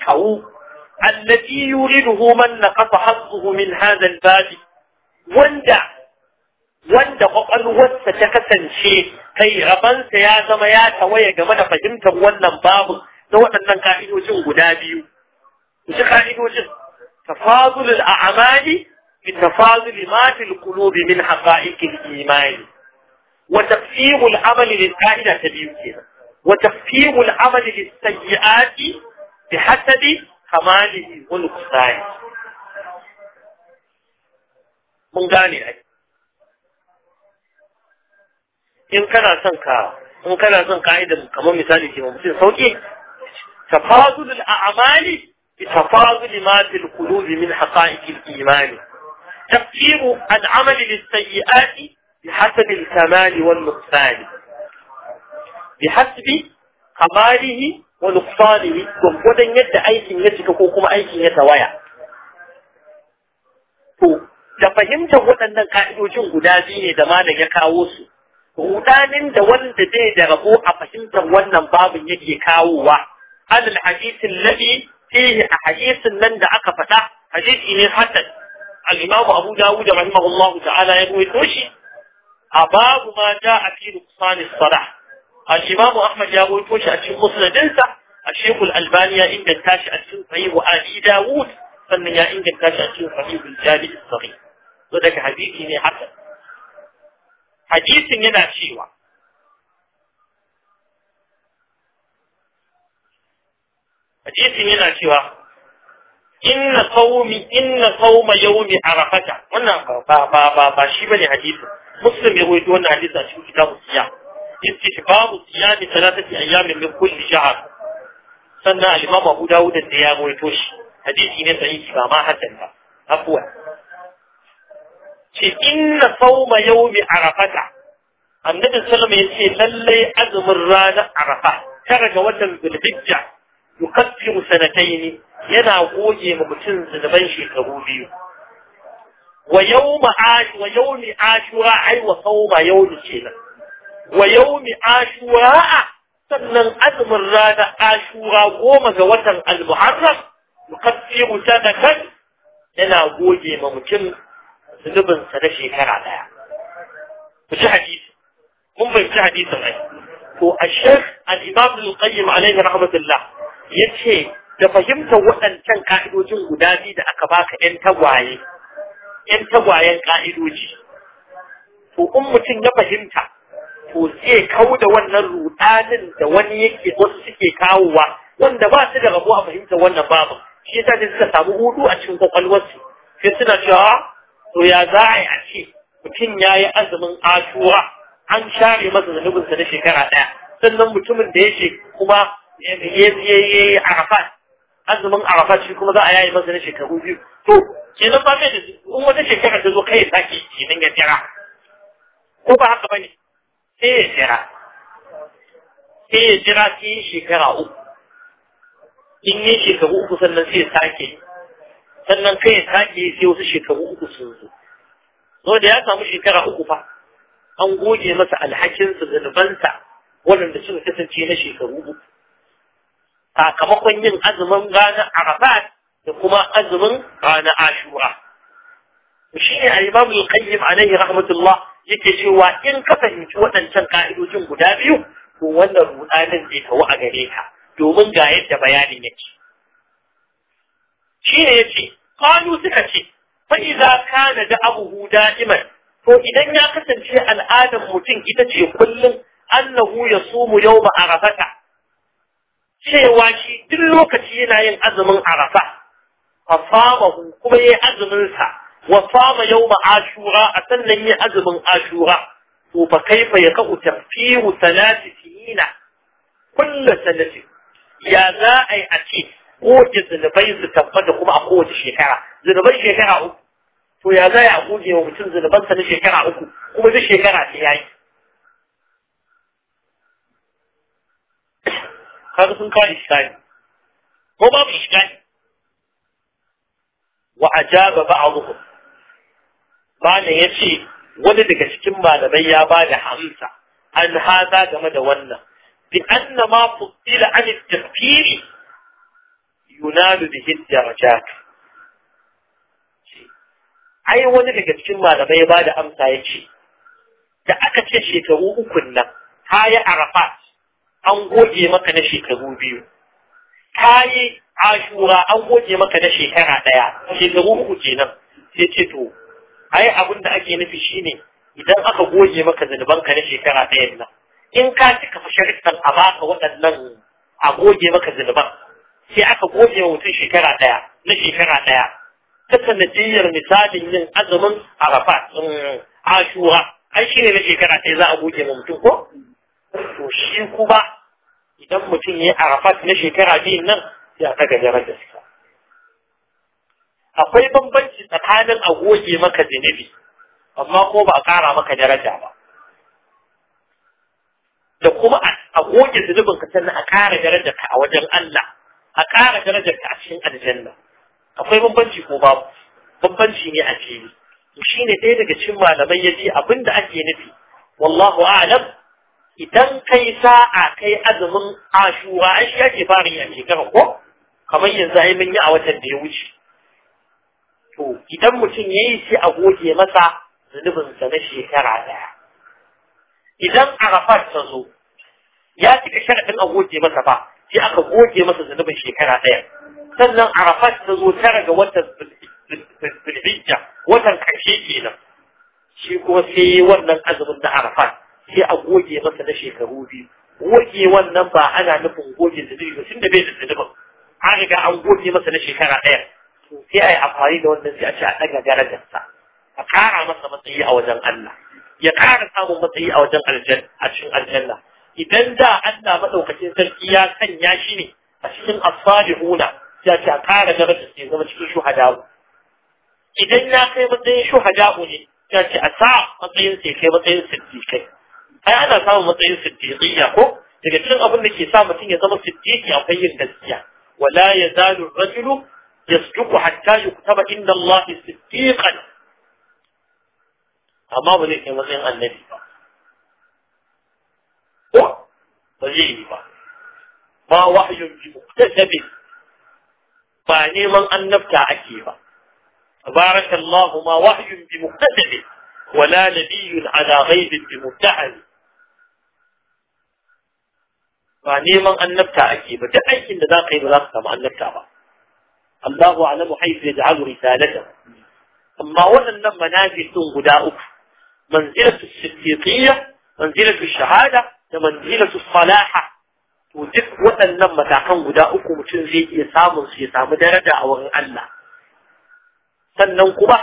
الذي يريده من نقص حظه من هذا الباب وندع وندع وقال وستكسن شيء كي غبان سيازم ياتا ويقمن فهمت ونن باب سواء أن قائد وجه قدابي وش قائد وجه تفاضل الأعمال من تفاضل ما في القلوب من حقائق الإيمان وتقفيه العمل للكائنة بيوتنا وتقفيه العمل للسيئات بحسب kamaluhu wal kusani mun gane ai in kana son ka in kana son ka'idar kamar misali ce mutum تفاضل الأعمال بتفاضل ما في القلوب من حقائق الإيمان تقسيم العمل للسيئات بحسب الكمال والنقصان بحسب كماله wa nuqsanihi gwaggwadon yadda aikin ya cika ko kuma aikin ya tawaya to da fahimtar waɗannan ka'idojin guda biyu ne da malam ya kawo su rudanin da wanda bai da rabo a fahimtar wannan babin yake kawowa alal hadisin ladhi fihi a hadisin nan da aka faɗa hadisi ne hasan al-imam abu dawud rahimahullahu ta'ala ya ruwaito shi a babu ma ja'a fi nuqsanis salah الإمام أحمد Ahmad ya rawaito shi a cikin musnadinsa الشيخ الألباني يا إنجل كاش أشيو صحيح وآلي داوود فإن يا إنجل كاش أشيو صحيح الجالي الصغير ودك حديثي لي حسن حديث ينا شيوا حديث ينا شيوا إن صوم إن صوم يوم عرفة وانا با با با با شيبة لحديث مسلم يقول دون حديث أشيو كتاب الصيام استحباب صيام ثلاثة أيام من كل شهر سنة الإمام أبو داود الزيام ويتوش حديث إنس عيسي ما حسن أفوى إن صوم يوم عرفة النبي صلى الله عليه وسلم للي أزم الرانة عرفة ترك وزن بالبجة يكفر سنتين ينا قوي مبتن زنبنش كبولي ويوم عاش ويوم عاشوراء أيوة صوم يوم سنة wa yaumi ashura sannan azumin rana ashura goma ga watan al-muharram yukaffiru sadakan yana goge ma mutum sa na shekara daya ku ci hadisi mun bai ci hadisin ai to a shekh al-imam al-qayyim alayhi rahmatullah yace da fahimtar waɗancan ka'idojin guda biyu da aka baka yan tagwaye tagwayen ka'idoji to in mutum ya fahimta to zai kau da wannan rudanin da wani yake wasu suke kawowa wanda ba su da rabo a fahimtar wannan babu shi yasa ne suka samu hudu a cikin kwakwalwarsu sai suna cewa to ya za a yi a ce mutum ya yi azumin ashura an share masa zanubinsa na shekara ɗaya sannan mutumin da ce kuma ya yi arafat azumin arafat shi kuma za a yayi masa na shekaru biyu to kenan ba mai da in wata shekara ta zo kai ya sake kenan ya jira ko ba haka ba ne? sai ya jira sai ya jira sai ya shekara uku in yi shekaru uku sannan sai ya sake sannan kai ya sake sai wasu shekaru uku sun zo so da ya samu shekara uku fa an goge masa alhakinsa zunubansa waɗanda suka kasance na shekaru uku sakamakon yin azumin ranar arafat da kuma azumin ranar ashura shi ne al-imam al-qayyim alaihi rahmatullah yake cewa in ka fahimci waɗancan ka'idojin guda biyu to wannan rudanin zai tawo a gare ka domin ga yadda bayanin yake shi ne yace qalu suka ce fa idza kana da huda iman to idan ya kasance al'adar mutum ita ce kullum annahu yasumu yawma arafata cewa shi duk lokaci yana yin azumin arafa fasabahu kuma yayi azumin sa wa sama yawma ashura a sannan yi azumin ashura to fa kaifa yaqu tafkiru salati sinina kullu sanati ya za a yi a ce goge zunubai su tabbata kuma a kowace shekara zunubai shekara uku to ya za a goge wa mutum zunubansa na shekara uku kuma duk shekara ta yayi kaga sun kawo iskani ko babu iskani wa ajaba ba'dhum malam ya ce wani daga cikin malamai ya ba da hamsa an haza game da wannan bi anna ma fudila an tafkiri yunalu bihi darajat ai wani daga cikin malamai ya ba da amsa ya ce da aka ce shekaru uku nan kayi arafat an goge maka na shekaru biyu kayi ashura an goge maka na shekara ɗaya shekaru uku kenan sai ce to ai abin da ake nufi shine idan aka goge maka zunubanka na shekara ɗayan nan in ka cika fa sharuɗan a baka waɗannan a goge maka zunuban sai aka goge wa mutum shekara ɗaya na shekara ɗaya ta sanadiyyar misalin yin azumin arafa ashura ai shine na shekara ɗaya za a goge ma mutum ko to shi kuma idan mutum ya arafat na shekara biyun nan ya sai a da suka. akwai bambanci tsakanin a goge maka zinabi amma ko ba a ƙara maka daraja ba da kuma a goge zunubin ka sannan a ƙara darajar ka a wajen Allah a ƙara darajar ka a cikin aljanna akwai bambanci ko babu bambanci ne a fili shi ne ɗaya daga cikin malamai ya ji abin da ake nufi wallahu a'lam idan kai sa'a kai azumin ashura ashi shi ake fara yi a shekara ko kamar yanzu ai mun yi a watan da ya wuce to idan mutum ya yi sai a goge masa zunubinsa na shekara ɗaya idan arafat ta zo ya cika sharaɗin a goge masa ba sai aka goge masa zunubin shekara ɗaya sannan arafat ta zo tara ga watan zulhijja watan ƙarshe kenan shi kuma sai wannan azumin na arafat sai a goge masa na shekaru biyu goge wannan ba ana nufin goge zunubi ba tunda bai da zunubin an riga an goge masa na shekara ɗaya to sai ai amfani da wannan sai a ce a daga darajarsa a kara masa matsayi a wajen Allah ya kara samun matsayi a wajen aljanna a cikin aljanna idan da Allah madaukakin sarki ya sanya shi ne a cikin as-salihuna sai a ce a kara darajar sai zama cikin shuhada idan ya kai matsayin shuhada ne sai a ce a sa matsayin sai kai matsayin siddiqai ai ana samun matsayin siddiqiyya ko daga cikin abin da ke sa mutum ya zama siddiqi akwai yin gaskiya wala yazalu rajulu يصدق حتى يكتب إن الله صديقا أما بليك مزين النبي با وزين ما وحي بمكتسب فاني ان أنبتع أكيبا بارك الله ما وحي بمكتسب ولا نبي على غيب بمتعب فاني ان أنبتع أكيبا تأيكي لذا قيل لك ما أنبتع با الله أعلم حيث يجعل رسالته أما وأن منازل غداؤك منزلة الصديقية منزلة الشهادة منزلة الصلاحة وذلك وأن لما تعقن غداؤك ومتنزي يسام سيسام درجة أو غير ألا سننقبه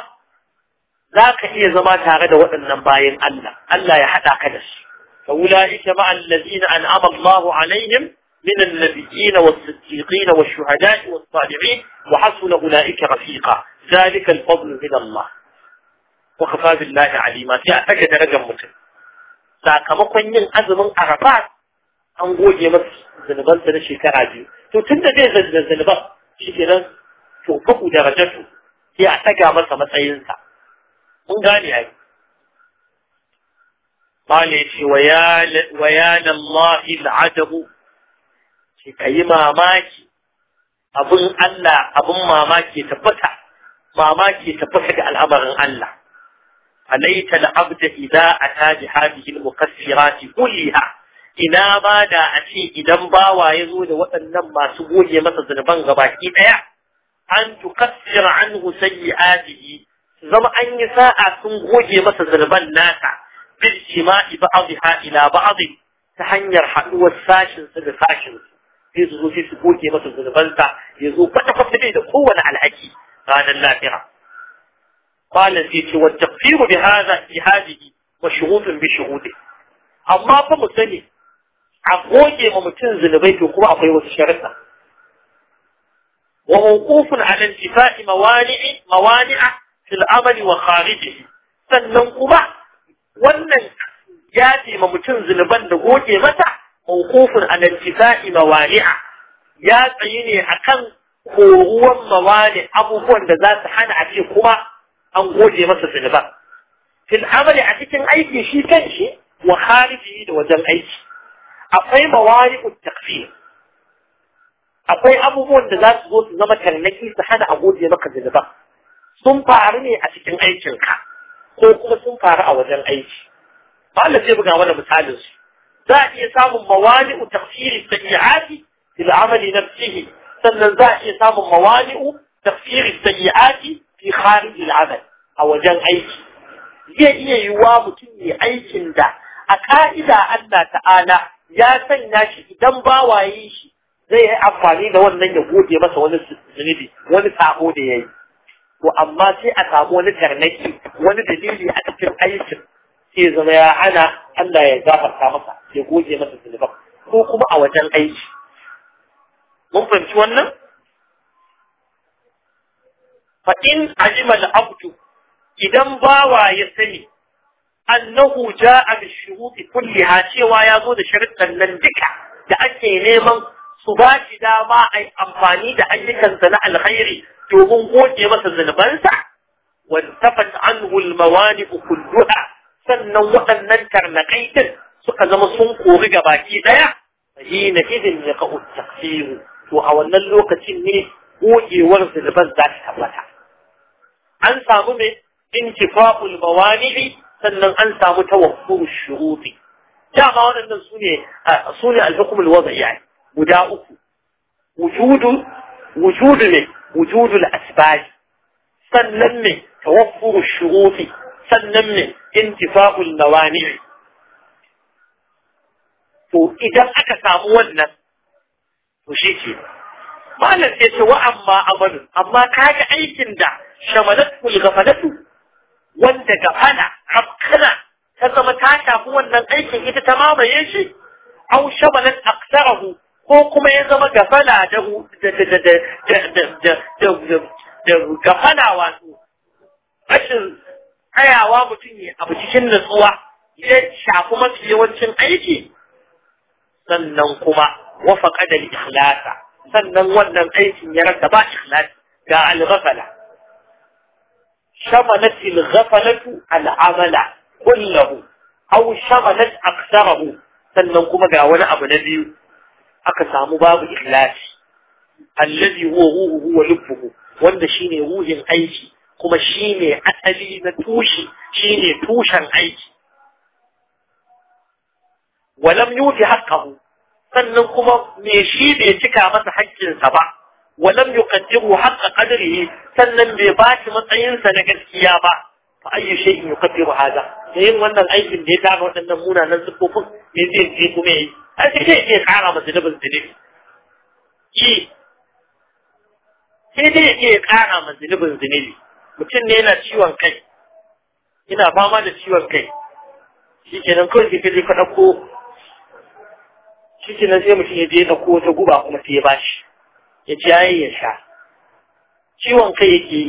ذاك إيه زمان تعقد وأن باين ألا ألا يحدى كدس فأولئك مع الذين أنعم الله عليهم من النبيين والصديقين والشهداء والصالحين وحصل أولئك رفيقا ذلك الفضل من الله وخفى بالله عليما سيأتك درجة متن sakamakon yin azumin arafat an goge masa zanubansa na shekara biyu to tun da zai zanzan zanuban shi ke nan to faku da rajatu sai a taga masa matsayinsa mun gane ai قال يا ويا لله العجب ka yi mamaki abun Allah abun mamaki tabbata mamaki tabbata ga al'amarin Allah alaita abda idza a bi hadhihi al-mukassirati kulliha ina ba da a ce idan bawa ya zo da waɗannan masu goge masa zunuban baki ɗaya an an anhu sayyi'atihi zama an yi sa'a sun goge masa zunuban nasa bil jima'i ba'dha ila ba'd ta hanyar haɗuwar sashin su da sashin zai zo sai su goge masa zunubansa ya zo kwata-kwata bai da kowane alhaki ranar lafira malam sai ce wata firu bi haza bi hadihi wa shuhutun bi shuhude amma fa mu sani a goge ma mutum zunubai to kuma akwai wasu sharuɗa wa mawqufun ala intifa'i mawani'i mawani'a fil amali wa kharijihi sannan kuma wannan ya ma mutum zunuban da goge mata موقوف على انتفاء موانع يا تعيني أكن قروا موانع أبوه عند ذات حان عكي قوة أن قول لي مصر في نبان في العمل عكيكين أيكي شي كنشي وخارجي لوجم أيكي أفاي موانع التقفير أفاي أبوه عند ذات قوة نمكا لنكي سحان أقول لي مكا في نبان سنفع رمي عكيكين أيكي قوة سنفع رأى وجم أيكي فعلا سيبقى أولا مثال سنفع ذات إسام موانئ تغفير السيئات في العمل نفسه سنة ذات إسام موانئ تغفير السيئات في خارج العمل أو جن عيش يجي يواب تني عيش دا أكا إذا أنا تعالى يا سيناش إدن باوايش زي أفعالي ده وانا يهودي بس وانا سنبي وانا تعهودي وأما سي أتعهودي ترنكي وانا دليلي أتفر عيش sai zama ya hana Allah ya gafarta masa ya goge masa zunuban ko kuma a wajen aiki mun fahimci wannan fa in ajima al-abdu idan bawa ya sani annahu ja'a bi shuruti kulliha cewa ya zo da sharuɗan nan duka da ake neman su ba shi dama a amfani da ayyukansa na alkhairi domin goge masa zunubansa wantafat anhu al-mawani kulluha sannan waɗannan tarnaƙai din suka zama sun kori gabaki ɗaya na izin ya ka takfiru to a wannan lokacin ne gogewar zulban za ta tabbata an samu mai intifa'ul mawani'i sannan an samu tawaffur shuruti dama waɗannan su ne su ne alhukumul wada'i guda uku wujudu wujudu ne wujudul asbab sannan ne tawaffur shuruti sannan ne intifa'ul lawani to idan aka samu wannan to shi ke malam sai ce wa amma amalu amma kaga aikin da shamalatul gafalatu wanda gafala hafkana ta zama ta shafi wannan aikin ita ta mamaye shi au shamalat aktarahu ko kuma ya zama gafala da da da da da da da gafala wato rashin tsayawa mutum ya abu cikin nutsuwa ya shafi mafi yawancin aiki sannan kuma wafa kadar ikhlasa sannan wannan aikin ya rasa ba ikhlasi ga al-ghafala shamalat al-ghafalatu al-amala kullahu aw shamalat aktharahu sannan kuma ga wani abu na biyu aka samu babu ikhlasi allazi huwa ruhuhu wa lubbuhu wanda shine ruhin aiki kuma shine asali na tushe shine tushen aiki walam yuti haqqahu sannan kuma me shi bai cika masa haƙƙinsa ba walam yuqaddiru haqqa qadrihi sannan bai ba shi matsayinsa na gaskiya ba fa ayyu shay'in yuqaddiru hada da yin wannan aikin da ya tara waɗannan munanan siffofin me zai je kuma yi ai sai dai ya ƙara masa dubin zunubi ki sai dai ya ƙara masa dubin zunubi mutum ne yana ciwon kai ina fama da ciwon kai shi kenan kawai ke zai je ka ɗauko shi kenan sai mutum ya je ɗauko wata guba kuma sai ya bashi ya ce yayi ya sha ciwon kai yake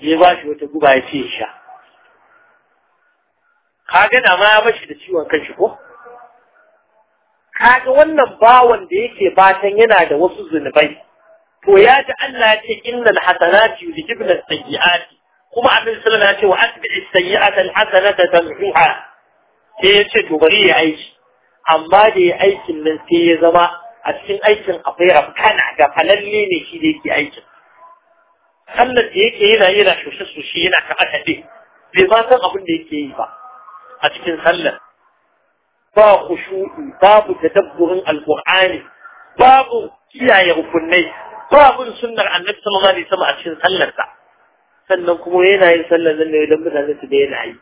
ya bashi wata guba ya ce ya sha kaga gana ma ya bashi da ciwon kanshi ko kaga wannan bawan da yake batan yana da wasu zunubai to ya ji Allah ya ce innal hasanati yudhibna as-sayyi'ati kuma abin sallama ya ce wa asbi'i as-sayyi'ata al-hasanata tamhuha sai ya ce dubari ya aiki amma da ya aikin nan sai ya zama a cikin aikin akwai rafkana ga falalle ne shi da yake aikin sallar da yake yana yana shushe shushe yana kaɓa taɓe bai ba san abin da yake yi ba a cikin sallar ba khushu'i babu tadabburin alqur'ani babu kiyaye rukunai ba bin sunnar annabi sallallahu alaihi wasallam a cikin sallarsa sannan kuma yana yin sallar nan ne don mutane su da yana yi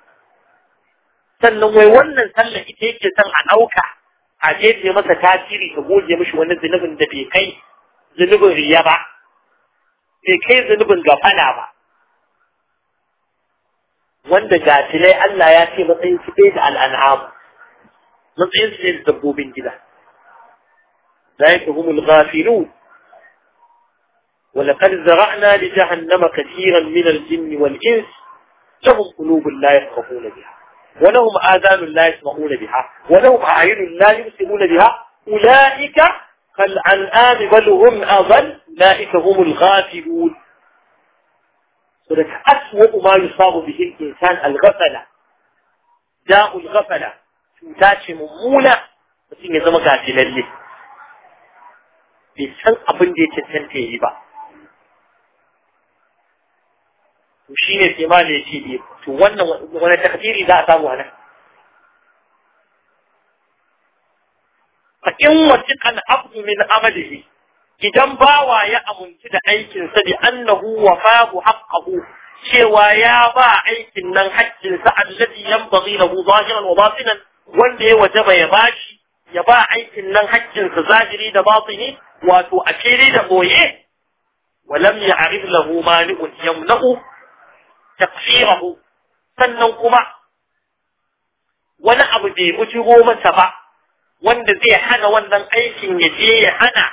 sannan wai wannan sallar ita yake son a ɗauka a jefe masa tasiri ka goge mishi wani zunubin da bai kai zunubin riya ba bai kai zunubin gafana ba wanda gatilai Allah ya ce matsayin su bai da al'an'amu matsayin su ne da dabbobin gida zai yi ka gumul gafirun ولقد زرعنا لجهنم كثيرا من الجن والإنس لهم قلوب لا يفقهون بها ولهم آذان لا يسمعون بها ولهم أعين لا يبصرون بها أولئك فالأنعام بل هم أظل أولئك هم الغافلون ولك أسوأ ما يصاب به الإنسان الغفلة داء الغفلة تاتش ممونة mutum ya zama gafilalle bai san abin da ya cancanta to shine sai ma ne ce eh, to wannan wani takdiri za a samu a nan fa in wasiqan abdu min amalihi idan bawa ya amunci da aikinsa sa bi annahu wafahu haqqahu cewa ya ba aikin nan haƙƙin sa allazi yanbaghi lahu zahiran wa batinan wanda ya wajaba ya bashi ya ba aikin nan haƙƙin sa zahiri da batini wato a da boye ولم يعرف له مانع يمنعه taqsirahu sannan kuma wani abu bai bujiro masa ba wanda zai hana wannan aikin ya je ya hana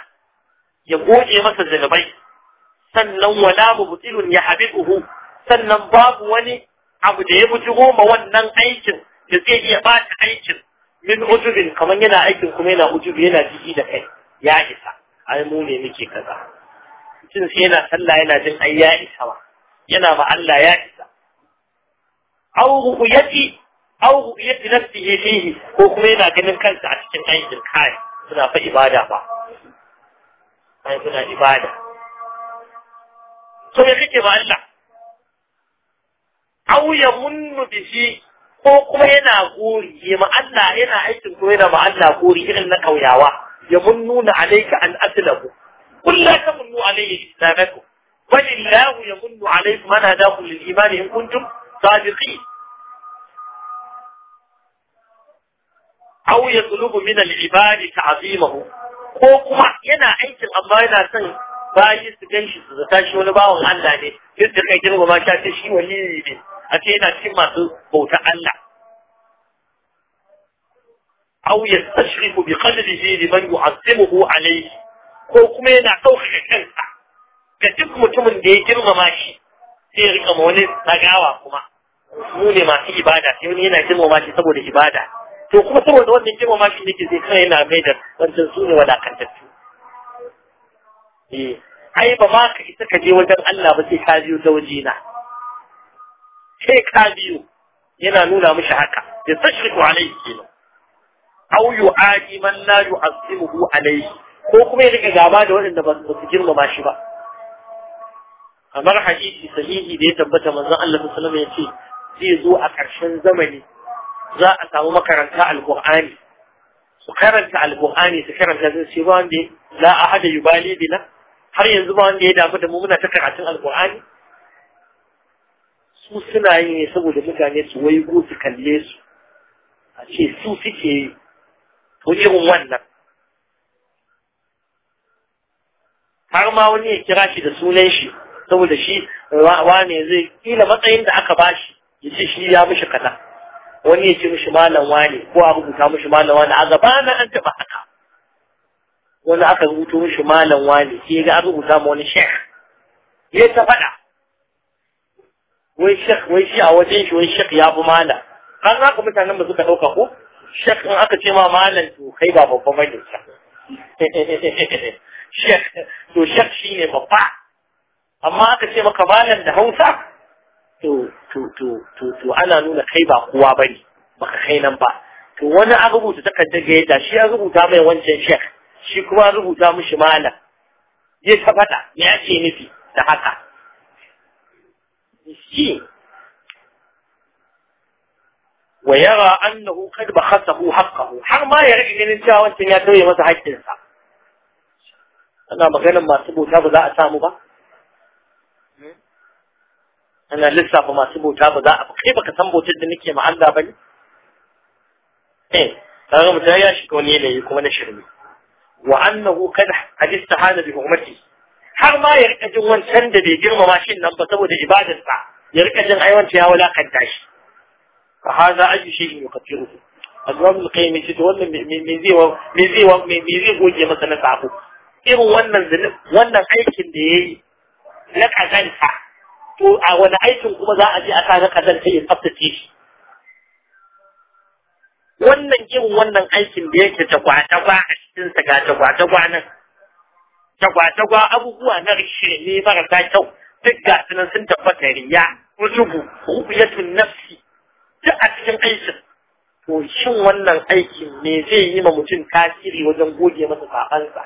ya goge masa zunubai sannan wala mubtilun ya habibuhu sannan babu wani abu da ya bujiro ma wannan aikin da zai iya bata aikin min ujubin kamar yana aikin kuma yana ujubi yana jiki da kai ya isa ai mu ne muke kaza mutum sai yana sallah yana jin ai ya isa ba yana ba Allah ya isa au ru'yati au ru'yati nafsihi fihi ko kuma yana ganin kansa a cikin aikin kai suna fa ibada ba ai suna ibada to me kike ba Allah au yamunnu bihi ko kuma yana gori ya ma Allah yana aikin ko yana ma Allah gori irin na kauyawa ya munnuna alayka an aslabu قل لا تمنوا عليه إسلامكم بل yamunnu يمن عليكم من هداكم للإيمان in kuntum الصادقين أو يطلب من العباد تعظيمه ko kuma yana aikin amma yana son bayi su gan shi su zata shi wani bawan Allah ne duk da kai girma ma ce, shi wani ne a ce yana cikin masu bauta Allah aw yastashrifu bi qalbihi liman yu'azzimuhu alayhi ko kuma yana ɗaukaka kansa ga duk mutumin da ya girmama shi sai ya rika wani tsagawa kuma mu ne masu ibada sai wani yana girmama shi saboda ibada to kuma saboda wannan girmama shi nake zai kai yana mai da wancan su ne wadakantattu eh ai ba ma ka isa ka je wajen Allah ba sai ka biyo ta wajena sai ka biyo yana nuna mishi haka ya tashriku alaihi kenan aw yu'adi man la yu'azzimuhu alaihi ko kuma ya rika gaba da waɗanda ba su girmama shi ba kamar hadisi sahihi da ya tabbata manzon Allah sallallahu alaihi wasallam ya ce zai zo a ƙarshen zamani za a samu makaranta alƙur'ani su karanta alƙur'ani su karanta sun ce ba wanda la yi bali bila har yanzu ba wanda ya damu da mu muna ta karatun alƙur'ani su suna yin ne saboda mutane su waigo su kalle su a ce su suke to irin wannan har ma wani ya kira shi da sunan shi saboda shi wane zai kila matsayin da aka bashi yace shi ya mishi kaza wani ya ce mishi malam wani ko a rubuta mishi malam wani a gaba na an taba haka wani aka rubuto mishi malam wani sai ga an rubuta mu wani sheikh ya ta fada wai sheikh wai shi a wajen shi wai sheikh ya fi malam kan haka mutanen ba suka ɗauka ko sheikh in aka ce ma malam to kai ba babba ne. sheikh to sheikh shine babba amma aka ce maka malam da Hausa to ana nuna kai ba kowa ba ne ba ka kai nan ba to wani an rubuta takardar ga yadda shi an rubuta mai wancan shek shi kuma an rubuta mishi malam ya ta ya ce nufi da haka shi wa yara annahu qad bakhasahu haqqahu har ma ya rage ganin cewa wancan ya tauye masa haƙƙinsa ana maganin masu bauta ba za a samu ba ana lissafa masu bauta ba za a kai baka san bautar da nake ma Allah bane eh kaga mutum ya shiga wani yanayi kuma na shirme wa annahu kad hadistahana bi hurmati har ma ya rika jin wancan da bai girmama shi nan ba saboda ibadarsa ya rika jin ai wancan ya wulakanta shi fa hadha ayu shay'in yuqatiruhu azwab al-qayyim shi wannan me zai me zai me zai goge masa na sabo irin wannan wannan aikin da yayi na kazanta to a wani aikin kuma za a je a kaga kazanta ya tsaftace shi wannan yin wannan aikin da yake tagwa-tagwa a cikin sa ga tagwa nan tagwa abubuwa na ne marasa kyau duk ga sunan sun tabbata riya rujubu tun nafsi duk a cikin aikin to shin wannan aikin ne zai yi ma mutum tasiri wajen goge masa sabansa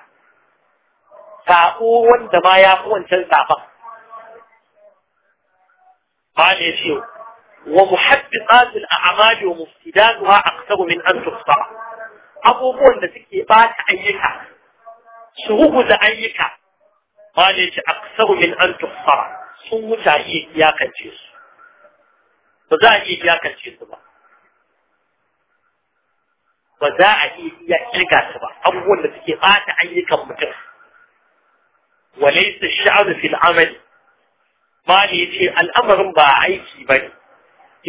sabo wanda ma ya fi wancan saban قال يشير ومحبطات الأعمال ومفتدانها أكثر من أن تخطع أبو بول نسكي بات أيكا سوق ذا أيكا قال يشير أكثر من أن تخطع سوق ذا إيجياك الجيس فذا إيجياك الجيس با فذا إيجياك سبا أبو بول أيكا مجر وليس الشعر في العمل mali ya ce al'amarin ba aiki ba ne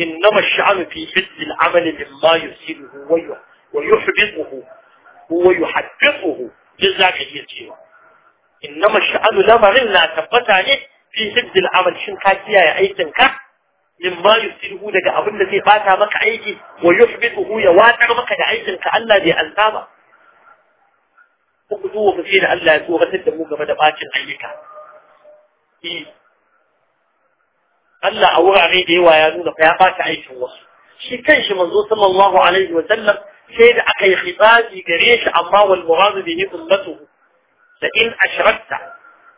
innama sha'anu fi hizbil amali mimma yusiluhu wa yuhbituhu wa yuhaddithuhu duk za ka iya cewa innama sha'anu lamarin na tabbata ne fi hizbil amal shin ka kiyaye aikin ka mimma yusiluhu daga abin da zai bata maka aiki wa yuhbituhu ya watsar maka da aikin ka Allah bai alza ba ku zo ku ce da Allah ya tsoratar da mu game da bacin ayyuka قال او عيد هو يا نود عيش الله شي كيش شي منظور صلى الله عليه وسلم شيء اكي خطاب يجريش اما والمراد به قصته لئن اشركت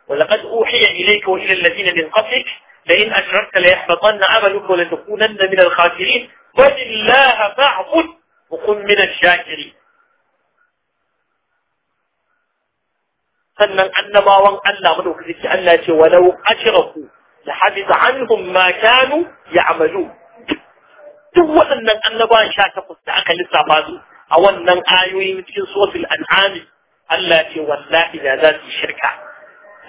ولقد اوحي اليك والى الذين من قبلك لئن اشركت ليحبطن عملك ولتكونن من الخاسرين قل الله فاعبد وكن من الشاكرين فنن أنما ما وان أن ما أشرفوا لحبط عنهم ما كانوا يعملون دو أن النبا شاك قلت أكا لسافاته أو أن الآيوي من صوت الأنعام التي ولا إلى ذات الشركة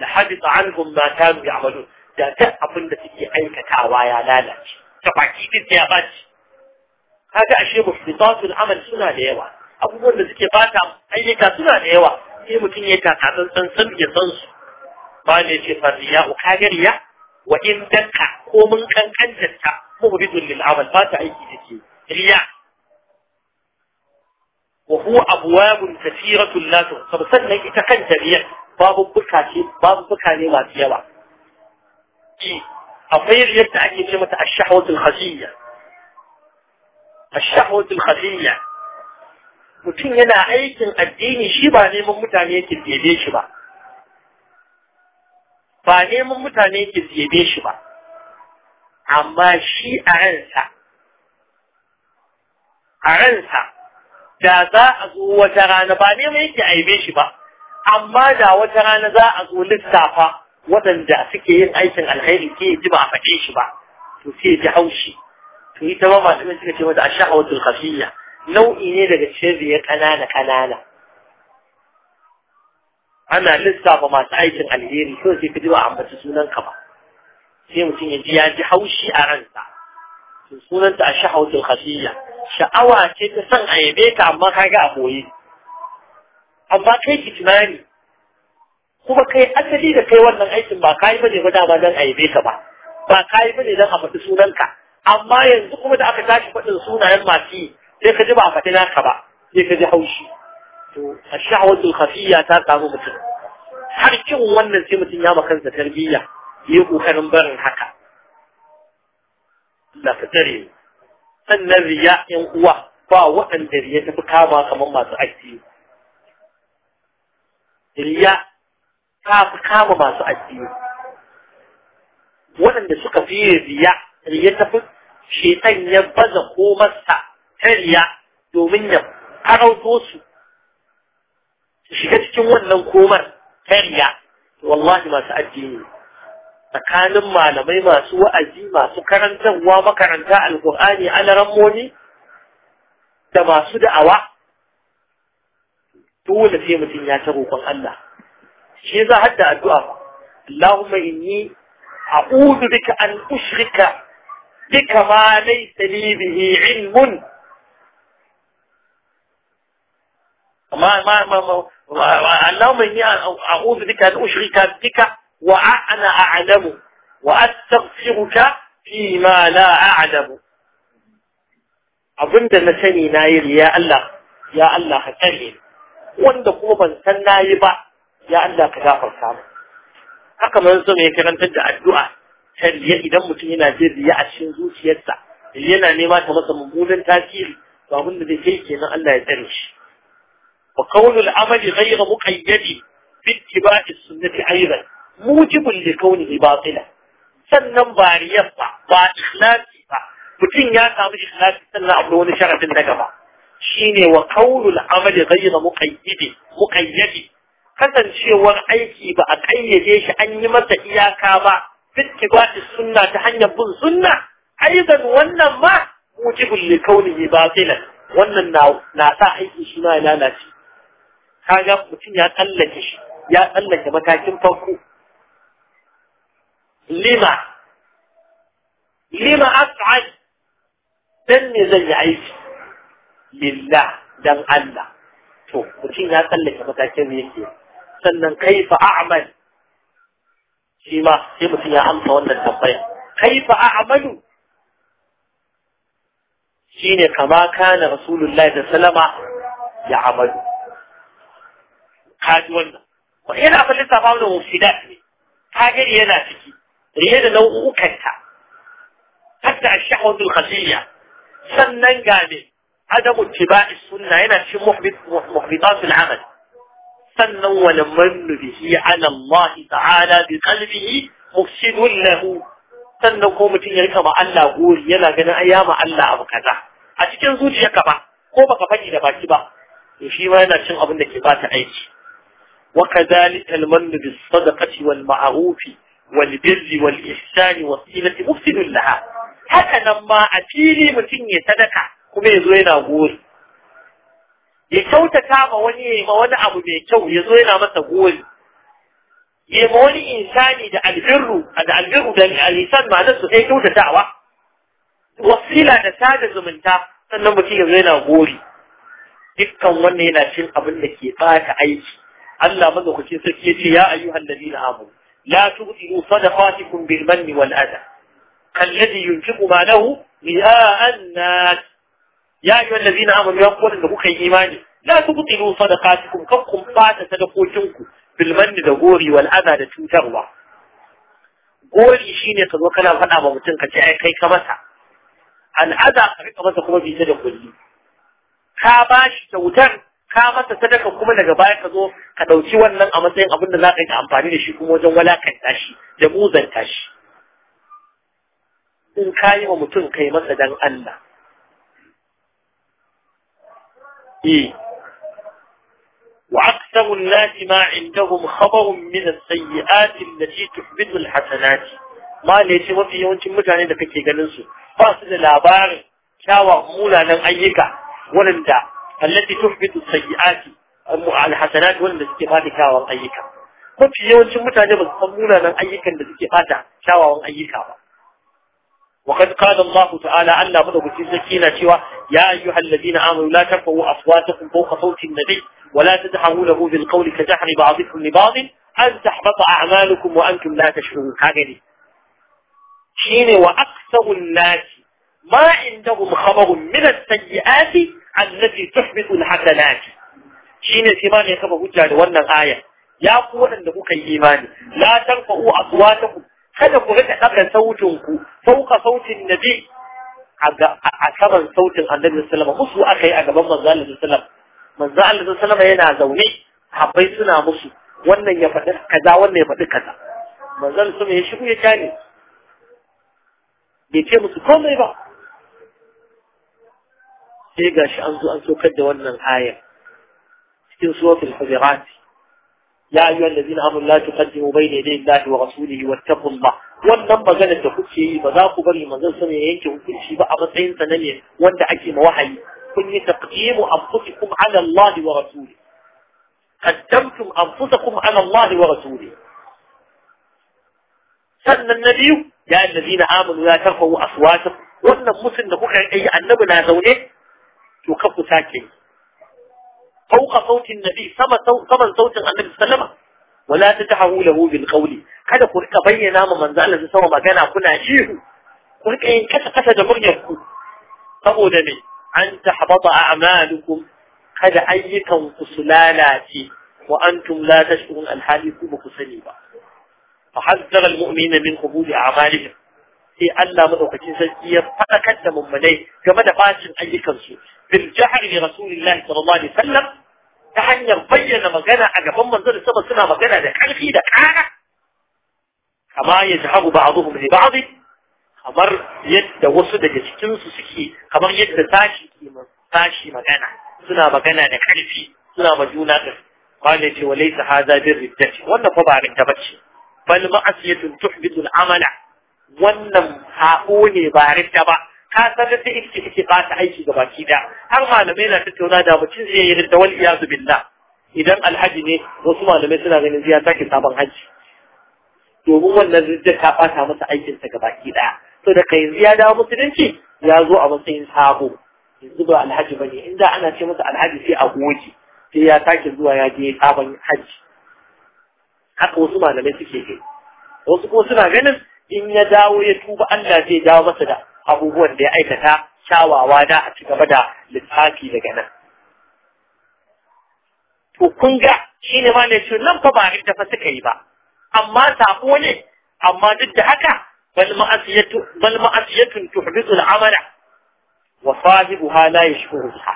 لحبط عنهم ما كانوا يعملون دا تأبن لتكي أنك كاوايا لالك تبعكي بالتيابات هذا أشياء مفتطات العمل سنة ليوا أبو أن لتكي باتا أيكا سنة ليوا إيه كي متنيكا تعتنسن سنة ينسن ما نجي فرياء وكاقريا وإن تنكع ومن كان أنزلت مبرد للعمل ما تعيش رياء وهو أبواب كثيرة لا تغطى فسنة يتقنت رياء باب بكاتي باب بكاني ما تيوى إيه؟ أفير يبتعي بلمة الشحوة الخزية الشحوة الخزية mutum yana aikin addini shi ba neman mutane ke daidai shi ba ba neman mutane ke ziyade shi ba amma shi a ransa a ransa da za a zo wata rana ba neman yake aibe shi ba amma da wata rana za a zo littafa waɗanda suke yin aikin alkhairi ke ji ba a faɗe shi ba to sai ji haushi to ita ba malamai suka ce mata a sha'awatul khafiyya nau'i ne daga cikin ya ƙanana ƙanana ana lissafa masu aikin alheri kawai sai ka ji ba a ambaci sunan ka ba sai mutum ya ji ya ji haushi a ransa to sunanta a ashhawatul khafiyya sha'awa ce ta san a yabe ka amma ka ga a boye amma kai ki tunani kuma kai asali da kai wannan aikin ba kai bane ba dama don a yabe ka ba ba kai bane don a faɗi sunan ka amma yanzu kuma da aka tashi faɗin sunayen masu sai ka ji ba a faɗi naka ba sai ka ji haushi to a sha'awatul khafiyya ta samu mutum har kin wannan sai mutum ya makansa tarbiyya yi kokarin barin haka da ka tare sannan riya yan uwa ba waɗanda riya tafi kama kamar masu addini riya ta fi kama masu addini waɗanda suka fi riya riya tafi shetan ya baza komarsa ta riya domin ya karauto su shiga cikin wannan komar kariya wallahi masu addini tsakanin malamai masu wa'azi masu karantarwa makaranta alkur'ani ramoni da masu da'awa dole sai mutum ya ta roƙon Allah shi za hadda addu'a ba Allahumma inni a'udhu bika an ushrika bika ma laysa li bihi ilmun ما ما ما, ما اللهم إني أعوذ بك أن أشرك بك وأنا أعلم وأستغفرك فيما لا أعلم abinda na sani na yi ya Allah ya Allah ka tsare wanda kuma ban san na yi ba ya Allah ka gafarta mu haka mun so mai karantar da addu'a ta riya idan mutum yana jin riya a cikin zuciyarsa yana nema ta masa mummunan tasiri to abin da zai kai kenan Allah ya tsare shi وكون العمل غير مقيد باتباع السنة أيضا موجب لكونه باطلا سنن باريا با با إخلاس با يا سام إخلاس سنن أبلون شرف النقبة شيني وقول العمل غير مقيد مقيد حسن شيء ورأيكي با أتأي ليش أني مسا إياكا با باتباع السنة تحن يبن سنة أيضا ونما موجب لكونه باطلا ونما ناسا أيكي شما ناسي kaga mutum ya tsallake shi ya tsallake matakin farko lima lima as'ad dan ne zan yi aiki lillah dan Allah to mutum ya tsallake matakin ne yake sannan kaifa a'mal shi ma sai mutum ya amsa wannan tambaya kaifa a'malu shine kama kana rasulullahi sallallahu alaihi wasallama ya amalu kaji wannan wa yana fa lissafa wannan mufsidat ne kagari yana ciki riye da nau'ukanta hatta ash-shahwatul khafiyya sannan ga ne adamu tiba'i sunna yana cikin muhbit muhbitatul amal sannan wa lamannu bihi ala Allah ta'ala bi qalbihi mufsidun lahu sannan ko mutum ya rika ma Allah gori yana ganin ai ya ma Allah abu kaza a cikin zuciyarka ba ko baka faɗi da baki ba to shi ma yana cin abin da ke bata aiki وكذلك المن بالصدقة والمعروف والبر والإحسان والصيلة مفسد لها هكذا لما أتيني متن يتدكى كما يزوين أقول يتوتكى موني موانا أبو ميتو يزوين أمسا قول يموني إنساني دا البر دا البر دا الإنسان معنى سهي توتكى وصيلة نسادة زمنتا سنمكي يزوين أقول دكا موني ناشين قبل لكي باك أيش Allah madaukakin sarki yace ya ayyuhal ladina amanu la tubtilu sadaqatikum bil manni wal adha kalladhi yunfiqu ma lahu ri'a an-nas ya ayyuhal ladina amanu ya kuwa da kuka yi imani la tubtilu sadaqatikum kakkum fata sadaqotinku bil manni da gori wal adha da cutarwa gori shine ka zo kana faɗa ma mutum ka ce ai kai ka masa al'ada ka rika masa kuma bi da kulli ka bashi kyautar ka masa sadaka kuma daga baya ka zo ka ɗauki wannan a matsayin abin da za ka yi amfani da shi kuma wajen walakanta shi da muzanta shi in ka yi wa mutum kai masa dan Allah eh وأكثر الناس ما عندهم خبر من السيئات التي تحبط الحسنات ما ليس mafi yawancin mutane da kake ganin su ba su da labarin kyawawan munanan ayyuka da. التي تحبط السيئات الحسنات wanda suke fata kyawawan ayyuka mafi yawancin mutane ba su san munanan ayyukan وقد قال الله تعالى عنا مدغتي الزكينة شوى يا أيها الذين آمنوا لا ترفعوا أصواتكم فوق صوت النبي ولا تدعوا له بالقول كجحر بعضكم لبعض أن تحبط أعمالكم وأنتم لا تشعرون هكذا حين وأكثر الناس ما عندهم خبر من السيئات allati tuhbitu alhasanati shine sai ya kafa hujja da wannan aya ya ku wadanda kuka yi imani la tarfa'u aswatakum kada ku rika daga sautin ku fauka sautin nabi a saban sautin annabi sallama musu aka yi a gaban manzo Allah sallallahu manzo Allah sallallahu yana zaune habai suna musu wannan ya faɗi kaza wannan ya faɗi kaza manzo sallallahu ya shigo ya kyale bai ce musu komai ba تيقاش أنتو أنتو كدونا الآية في صورة الحذرات يا أيها الذين أمروا لا تقدموا بين يدي الله ورسوله واتقوا الله والنمى جلت تخد شيء فذاقوا بري مزل سمي ينكهوا وكل شيء بقى مطعين ثنانيا وانت عكيم وحي كن تقديم أنفسكم على الله ورسوله قدمتم أنفسكم على الله ورسوله سن النبي يا الذين آمنوا لا ترفعوا أصواتكم وانا مسلم نقول أي أنبنا ذوني يكف ساكن فوق صوت النبي سما صوت سما صوت النبي صلى الله ولا تدعه له بالقول كذا قرئ بين ما من زال سوى ما كان كنا شيخ قرئ ان كذا كذا مريم فقول لي انت حبط اعمالكم قد ايتم فصلالاتي وانتم لا تشكرون ان حالكم فصليبا فحذر المؤمن من قبول اعمالهم في ان لا مدوكين سجيه فقد كذا كما دفعت ايكم سجيه بالجحر لرسول الله صلى الله عليه وسلم تحن يرفينا مكانا أجب أمان ذلك سبا سنة مكانا ذلك حال يعني في ذلك حالة أما يذهب بعضهم لبعض أما يد وصد جسدن سسكي أما يد تاشي تاشي مكانا سنة مكانا ذلك حال يعني في سنة مجونا قال لي وليس هذا ذر الدرس وانا فضع من تبتش فالمعصية تحبط العمل وانا هؤوني بارد تبتش ka san da iske ba bata aiki baki da har malamai na tattauna da mutum zai yi da wal iyazu billah idan alhaji ne wasu malamai suna ganin zai sake sabon haji domin wannan zai ta bata masa aikin sa baki daya to da kai yanzu ya dawo musulunci ya zo a matsayin sabo yanzu ba alhaji bane inda ana ce masa alhaji sai a goge sai ya sake zuwa ya je sabon haji haka wasu malamai suke kai wasu kuma suna ganin in ya dawo ya tuba Allah zai dawo masa da abubuwan da ya aikata shawawa da a ci gaba da littafi daga nan to kun ga shi ne ma ne ce nan fa ba da fa suka yi ba amma sabo ne amma duk da haka bal ma'asiyatu bal ma'asiyatun tuhbitu al-amala wa sahibuha la yashkuruha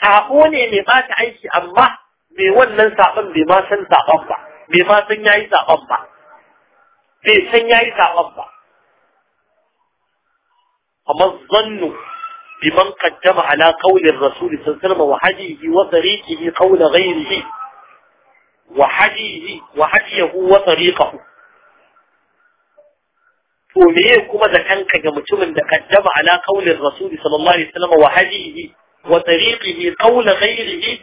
sako ne mai ba ta aiki amma mai wannan sabon bai ma san saban ba bai ma san yayi saban ba bai san yayi ba أما الظن بمن قدم على قول الرسول صلى الله عليه وسلم وحديه وطريقه قول غيره وحديه وحديه وطريقه فأميكم ذا كانك جمتم أن قدم على قول الرسول صلى الله عليه وسلم وحديه وطريقه قول غيره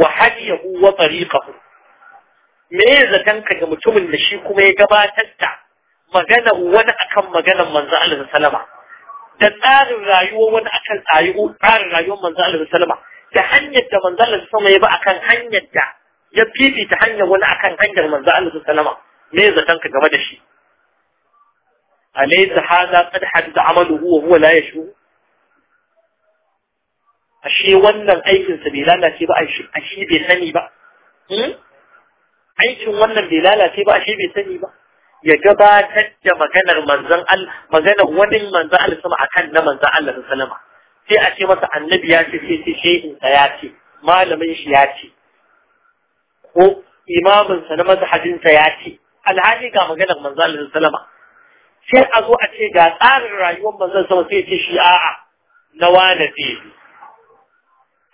وحديه وطريقه ماذا كانك جمتم أن شيكم يجبا تستع مجنه ونأكم مجنه منذ الله عليه da tsarin rayuwar wani akan tsarin rayuwar manzo Allah sallama da hanyar da manzo Allah sallama ya ba akan hanyar da ya fifita hanyar wani akan hanyar manzo Allah sallama me zaton ka game da shi alaysa hada qad hadda amaluhu wa huwa la yashu ashe wannan aikin sa bai lalace ba ashe bai sani ba hmm? aikin wannan bai lalace ba ashe bai sani ba ya gabatar da maganar manzan Allah maganar wani manzan Allah sama akan na manzan Allah Salama. sai a ce masa annabi ya ce sai shehin sa ya ce malamin shi ya ce ko imamin sa na mazhabin sa ya ce alhaji ga maganar manzan Allah Salama? sai a zo a ce ga tsarin rayuwar manzan sama sai ce shi a'a na wane ce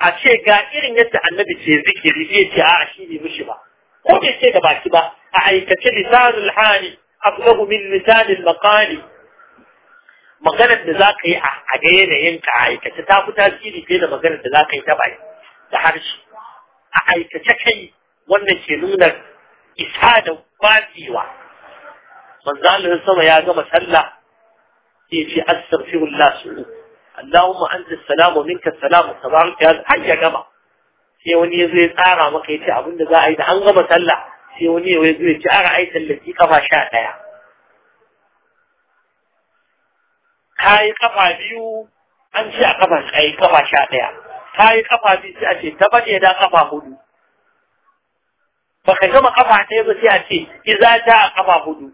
a ce ga irin yadda annabi ke zikiri sai ce a'a shi ne mishi ba ko bai ce da baki ba a aikace lisanul hali ablahu min lisanil maqali maganar da za ka yi a ga yanayinka a aikace ta fi tasiri fiye da maganar da za ka yi ta baki da harshe a aikace kai wannan ke nuna isa da kwacewa manzalin sama ya gama sallah sai ce astaghfirullah su Allahumma anta salamu minka salamu tabaraka ya har ya gama sai wani ya zo ya tsara maka ya ce abin da za a yi da an gama sallah sai wani ya zo ya ce a yi tallafi kafa sha ɗaya ka yi kafa biyu an ce a kafa a yi kafa sha ɗaya ka yi kafa biyu sai a ce ta baje da kafa hudu baka gama kafa ɗaya ba sai a ce iza ta a kafa hudu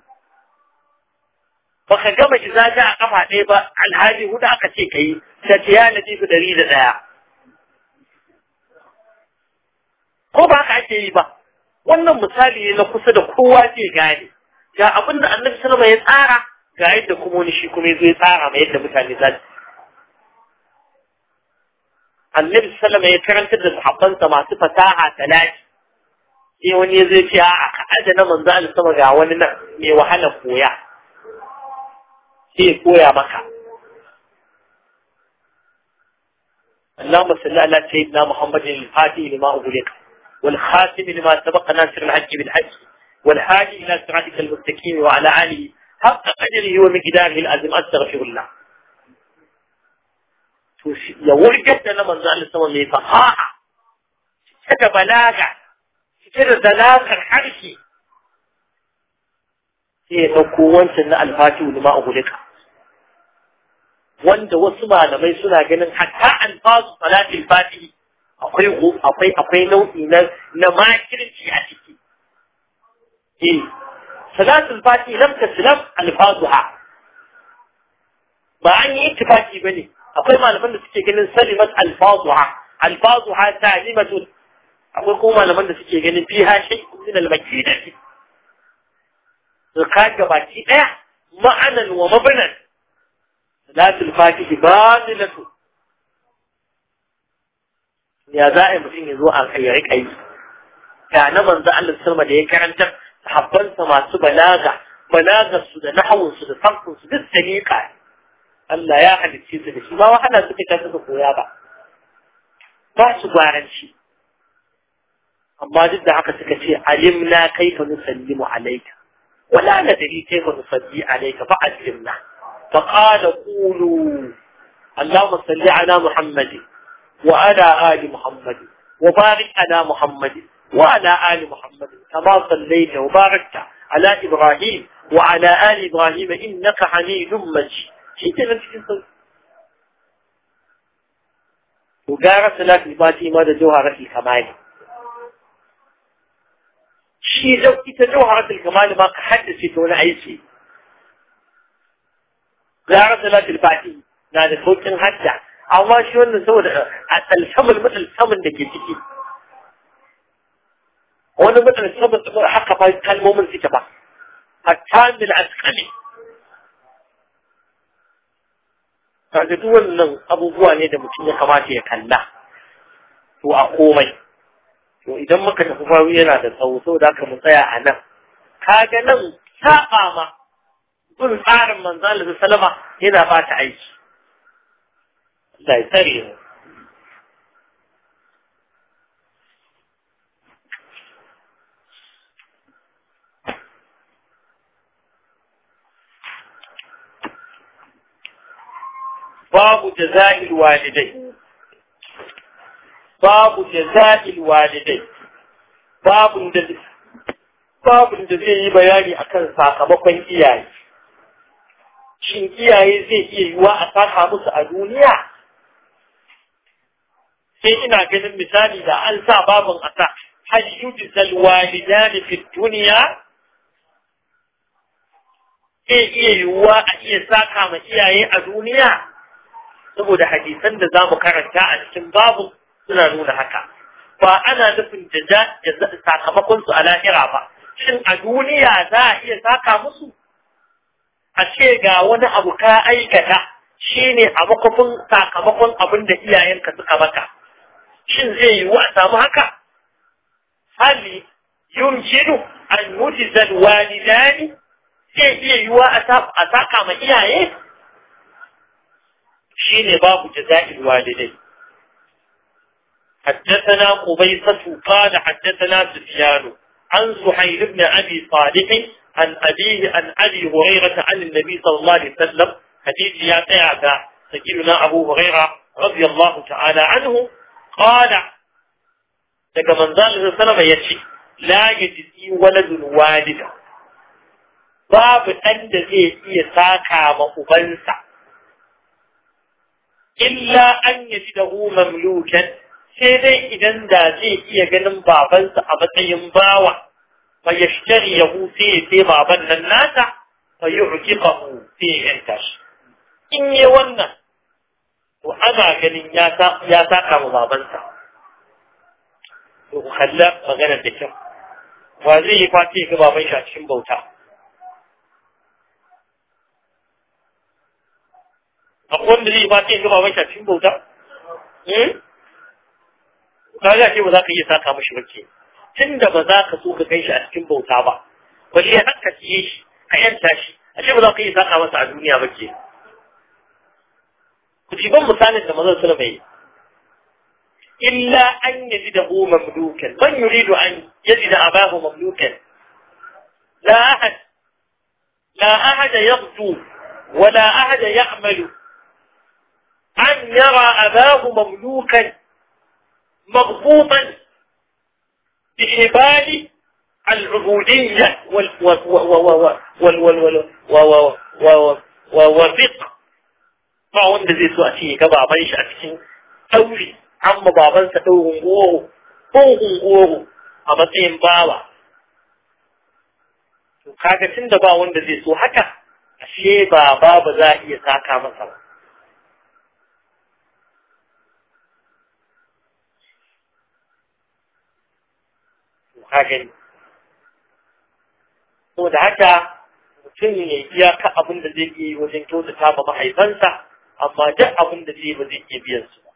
baka gama iza ta a kafa ɗaya ba alhaji hudu aka ce ka yi ta ce ya nabi ɗari da ɗaya ko ba ka ake yi ba wannan misali ne na kusa da kowa zai gane ga abin da annabi sallama ya tsara ga yadda kuma wani shi kuma ya zo ya tsara ma yadda mutane za su annabi sallama ya karantar da sahabbansa masu fasaha talati sai wani ya zai ce a ka adana manzo Allah sama ga wani nan mai wahala koya sai ya koya maka اللهم صل على سيدنا محمد الفاتح لما أغلق والخاتم لما سبق ناصر الحج بالحج والحاج إلى سعادك المستكين وعلى علي حق قدره ومقداره الأزم أستغفر الله يقول جدا لما نزال السماء من فخاعة شكا بلاغة شكرا دلاغة الحركي إيه، هي نكوان سنة الفاتي ولما أغلقها وأنت دو لما يسنع جنن حتى أنفاظ صلاة الفاتي akwai akwai akwai nau'i na na makirci a ciki eh salatul fati lam al alfazuha ba an yi ittifaki bane akwai malaman da suke ganin salimat alfazuha alfazuha salimatu akwai kuma malaman da suke ganin fiha shay min al-makidati zakka baki daya ma'anan wa mabnan salatul fatihi batilatu ya za mutum ya zo a ya riƙa yi ga na manzo Allah sallama da ya karanta sa masu balaga balagar su da nahawun su da sarfin su duk da Allah ya halicce su da shi ba wahala suka ta suka koya ba ba su garanci amma duk da haka suka ce alimna kaifa nusallimu alayka wala nadri kaifa nusalli alayka fa alimna فقال قولوا اللهم صل على محمد وعلى آل محمد وبارك على محمد وعلى آل محمد كما صليت وباركت على إبراهيم وعلى آل إبراهيم إنك حميد مجيد شيء لم صلاة الفاتحة ماذا جوهرة الكمال شيء لو كنت جوهرة الكمال ما تحدث دون عيسي قارة صلاة الفاتحة نادي خوتن حتى amma shi wannan saboda a tsalsamin saman da ke ciki wani saman da haka ba kalmomin suke ba a mil askali kaga duk wannan abubuwa ne da mutum ya kamata ya kalla to a komai to idan muka tafi faru yana da tsawo saboda haka mu tsaya a nan ga nan saba ma bin tsarin manzo salama yana ba ta aiki Allah ya tsare mu babu jaza'il walidai babu jaza'il walidai babun da babun da zai yi bayani akan sakamakon iyaye shin iyaye zai iya yiwa a saka musu a duniya sai ina ganin misali da an sa babin a sa hal fi duniya zai iya yiwuwa a iya saka ma iyaye a duniya saboda hadisan da za mu karanta a cikin babu suna nuna haka ba ana nufin da sakamakon su a lahira ba shin a duniya za a iya saka musu a ce ga wani abu ka aikata shine a makofin sakamakon abin da iyayenka suka maka shin zai yiwu a samu haka hali yumkinu an yujizal walidani zai iya yiwuwa a saka ma iyaye shine babu jaza'il walidai حدثنا قبيصة قال حدثنا سفيان عن سحيل بن أبي صالح عن أبيه عن أبي هريرة عن النبي صلى الله عليه وسلم حديث يا سيدنا أبو هريرة رضي الله تعالى عنه qala daga manzo Allah ya yace la yujzi waladun walida babu ɗan da zai iya saka ma ubansa illa an yaji da mamlukan sai dai idan da zai iya ganin babansa a matsayin bawa fa yashtari yahu sai sai baban nan nata fa yu'tiqahu fi ya in yi wannan to ana ganin ya saka wa babansa to ku kalla maganar da kyau wa zai yi fati ga baban shi a cikin bauta akwai wanda zai yi fati ga baban shi a cikin bauta hmm? ka ga ke ba za ka iya saka mishi ba ke tun da ba za ka so ka kai shi a cikin bauta ba ba shi haka ce shi a yanta shi a ce ba za ka iya saka masa a duniya ba ke kujiban misalin da manzon sallallahu alaihi illa an yajidahu mamlukan man yuridu an yajida abahu mamlukan لا أحد لا أحد يغزو ولا أحد يعمل أن يرى أباه مملوكا مغبوطا بحبال العبودية والرق ba wanda zai so a cinye ga baban shi a cikin tauri an ma babansa ɗaurin goro ko goro a matsayin bawa to kaga tun da ba wanda zai so haka ashe ba ba za iya saka masa ba ka gani saboda haka mutum ya yi iyaka abin da zai yi wajen kyautata ma mahaifansa amma duk abin da zai ba zai iya biyan su ba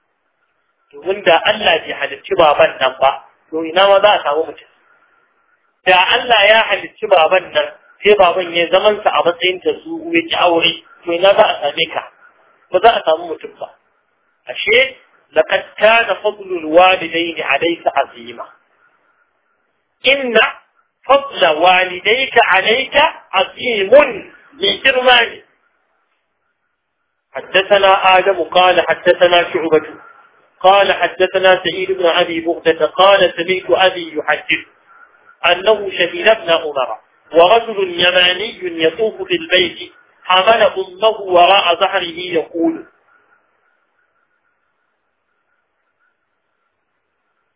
to wanda Allah bai halicci baban nan ba to ina ma za a samu mutum da Allah ya halicci baban nan sai baban ya zaman sa a matsayin ta su ya ci aure to ina za a same ka ba za a samu mutum ba ashe laqad kana fadlul walidayn alayka azima inna fadla walidayka alayka azimun bi girmani حدثنا آدم قال حدثنا شعبة قال حدثنا سعيد بن أبي بغدة قال سمعت أبي يحدث أنه شهد ابن عمر ورجل يماني يطوف في البيت حمل أمه وراء ظهره يقول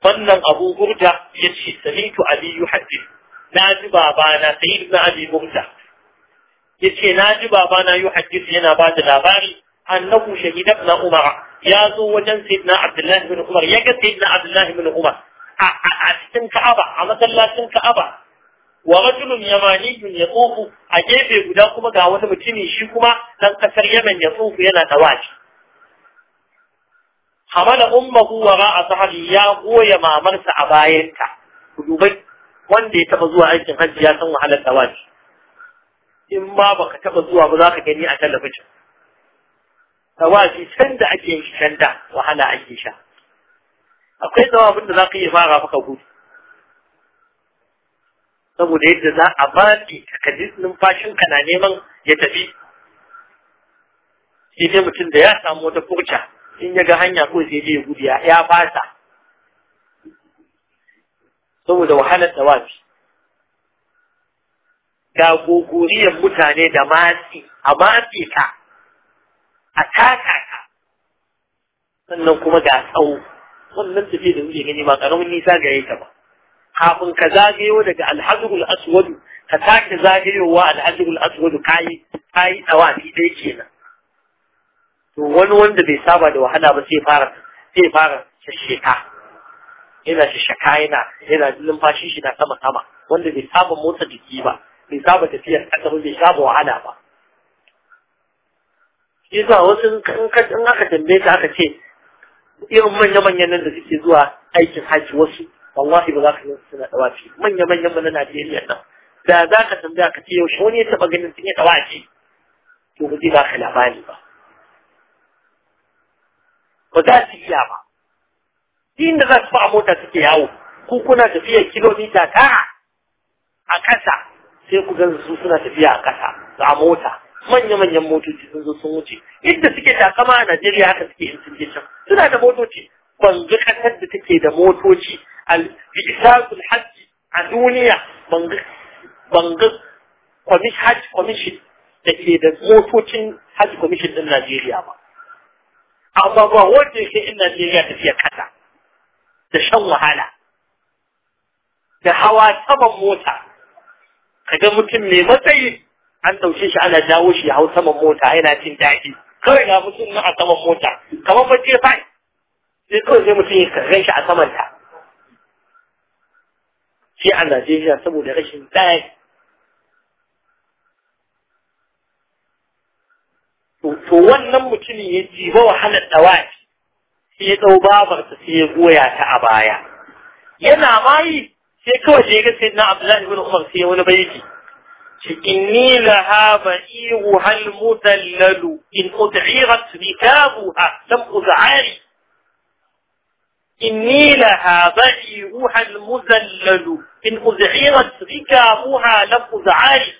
wannan أبو بغدة ya سمعت أبي يحدث ناجي بابانا سيد بن أبي na abi ناجي بابانا يحدث na ji باري annahu shahida ibn umar ya zo wajen sayyidina abdullah ibn umar ya ga sayyidina abdullah ibn umar a cikin ka'aba a masallacin ka'aba wa rajulun yamaniyun ya tsofu a gefe guda kuma ga wani mutumi shi kuma dan kasar yaman ya tsofu yana waji. hamala ummahu wa a sahabi ya goya mamarsa a bayanta ku dubai wanda ya taba zuwa aikin hajji ya san wahalar tawaji in ma baka taba zuwa ba za ka gani a talabijin tawafi can da ake yin can da wahala ake sha akwai tawafin da za ka iya fara maka gudu saboda yadda za a baki takadis numfashinka na neman ya tafi sai dai mutum da ya samu wata furca in ya ga hanya ko sai dai gudu ya fasa saboda wahalar tawafi ga gogoriyar mutane da matsi a matsi ka a taka ka sannan kuma ga tsawo wannan tafiya da wuce gani ba karamin nisa ga ta ba kafin ka zagayo daga alhazrul aswadu ka sake zagayowa aswadu kayi kayi tsawa fi dai kenan to wani wanda bai saba da wahala ba sai fara sai fara shashaka yana shashaka yana yana numfashin shi na sama sama wanda bai saba motsa jiki ba bai saba tafiyar kasa ba bai saba wahala ba shi yasa wasu in aka tambaye ta aka ce irin manya-manyan nan da suke zuwa aikin haji wasu wallahi ba za ka yi suna ce manya-manyan mu na Najeriya nan da za ka tambaya ka ce yaushe wani ya taba ganin sun yi ce to ba zai ba ka labari ba ba za su iya ba inda za su ba a mota suke yawo ko kuna tafiya kilomita tara a ƙasa sai ku gansu su suna tafiya a ƙasa a mota manya-manyan motoci sun zo sun wuce inda suke takama a Najeriya haka suke yin sun can suna da motoci ban ga kasar da take da motoci al-bisasul hajji a duniya ban ga hajji commission da ke da motocin hajji commission din Najeriya ba amma ba wanda yake in Najeriya tafiya kasa da shan wahala da hawa saman mota kaga mutum mai matsayi an ɗauke shi ana jawo shi hau saman mota yana cin daɗi kawai ga mutum na a saman mota kamar bacci jefa sai kawai sai mutum ya gan shi a saman ta shi a Najeriya saboda rashin tsari to wannan mutumin ya ji ba wahalar dawaki sai ya ɗau babarta sai ya goya ta a baya yana mayi sai kawai ya ga sai na Abdullahi ibn Umar sai wani baiti إني لها بعيرها المدلل إن أدعيرت ركابها لم ادعاري إني لها بعيرها المذلل إن أذعيرت ركابها لم أذعاري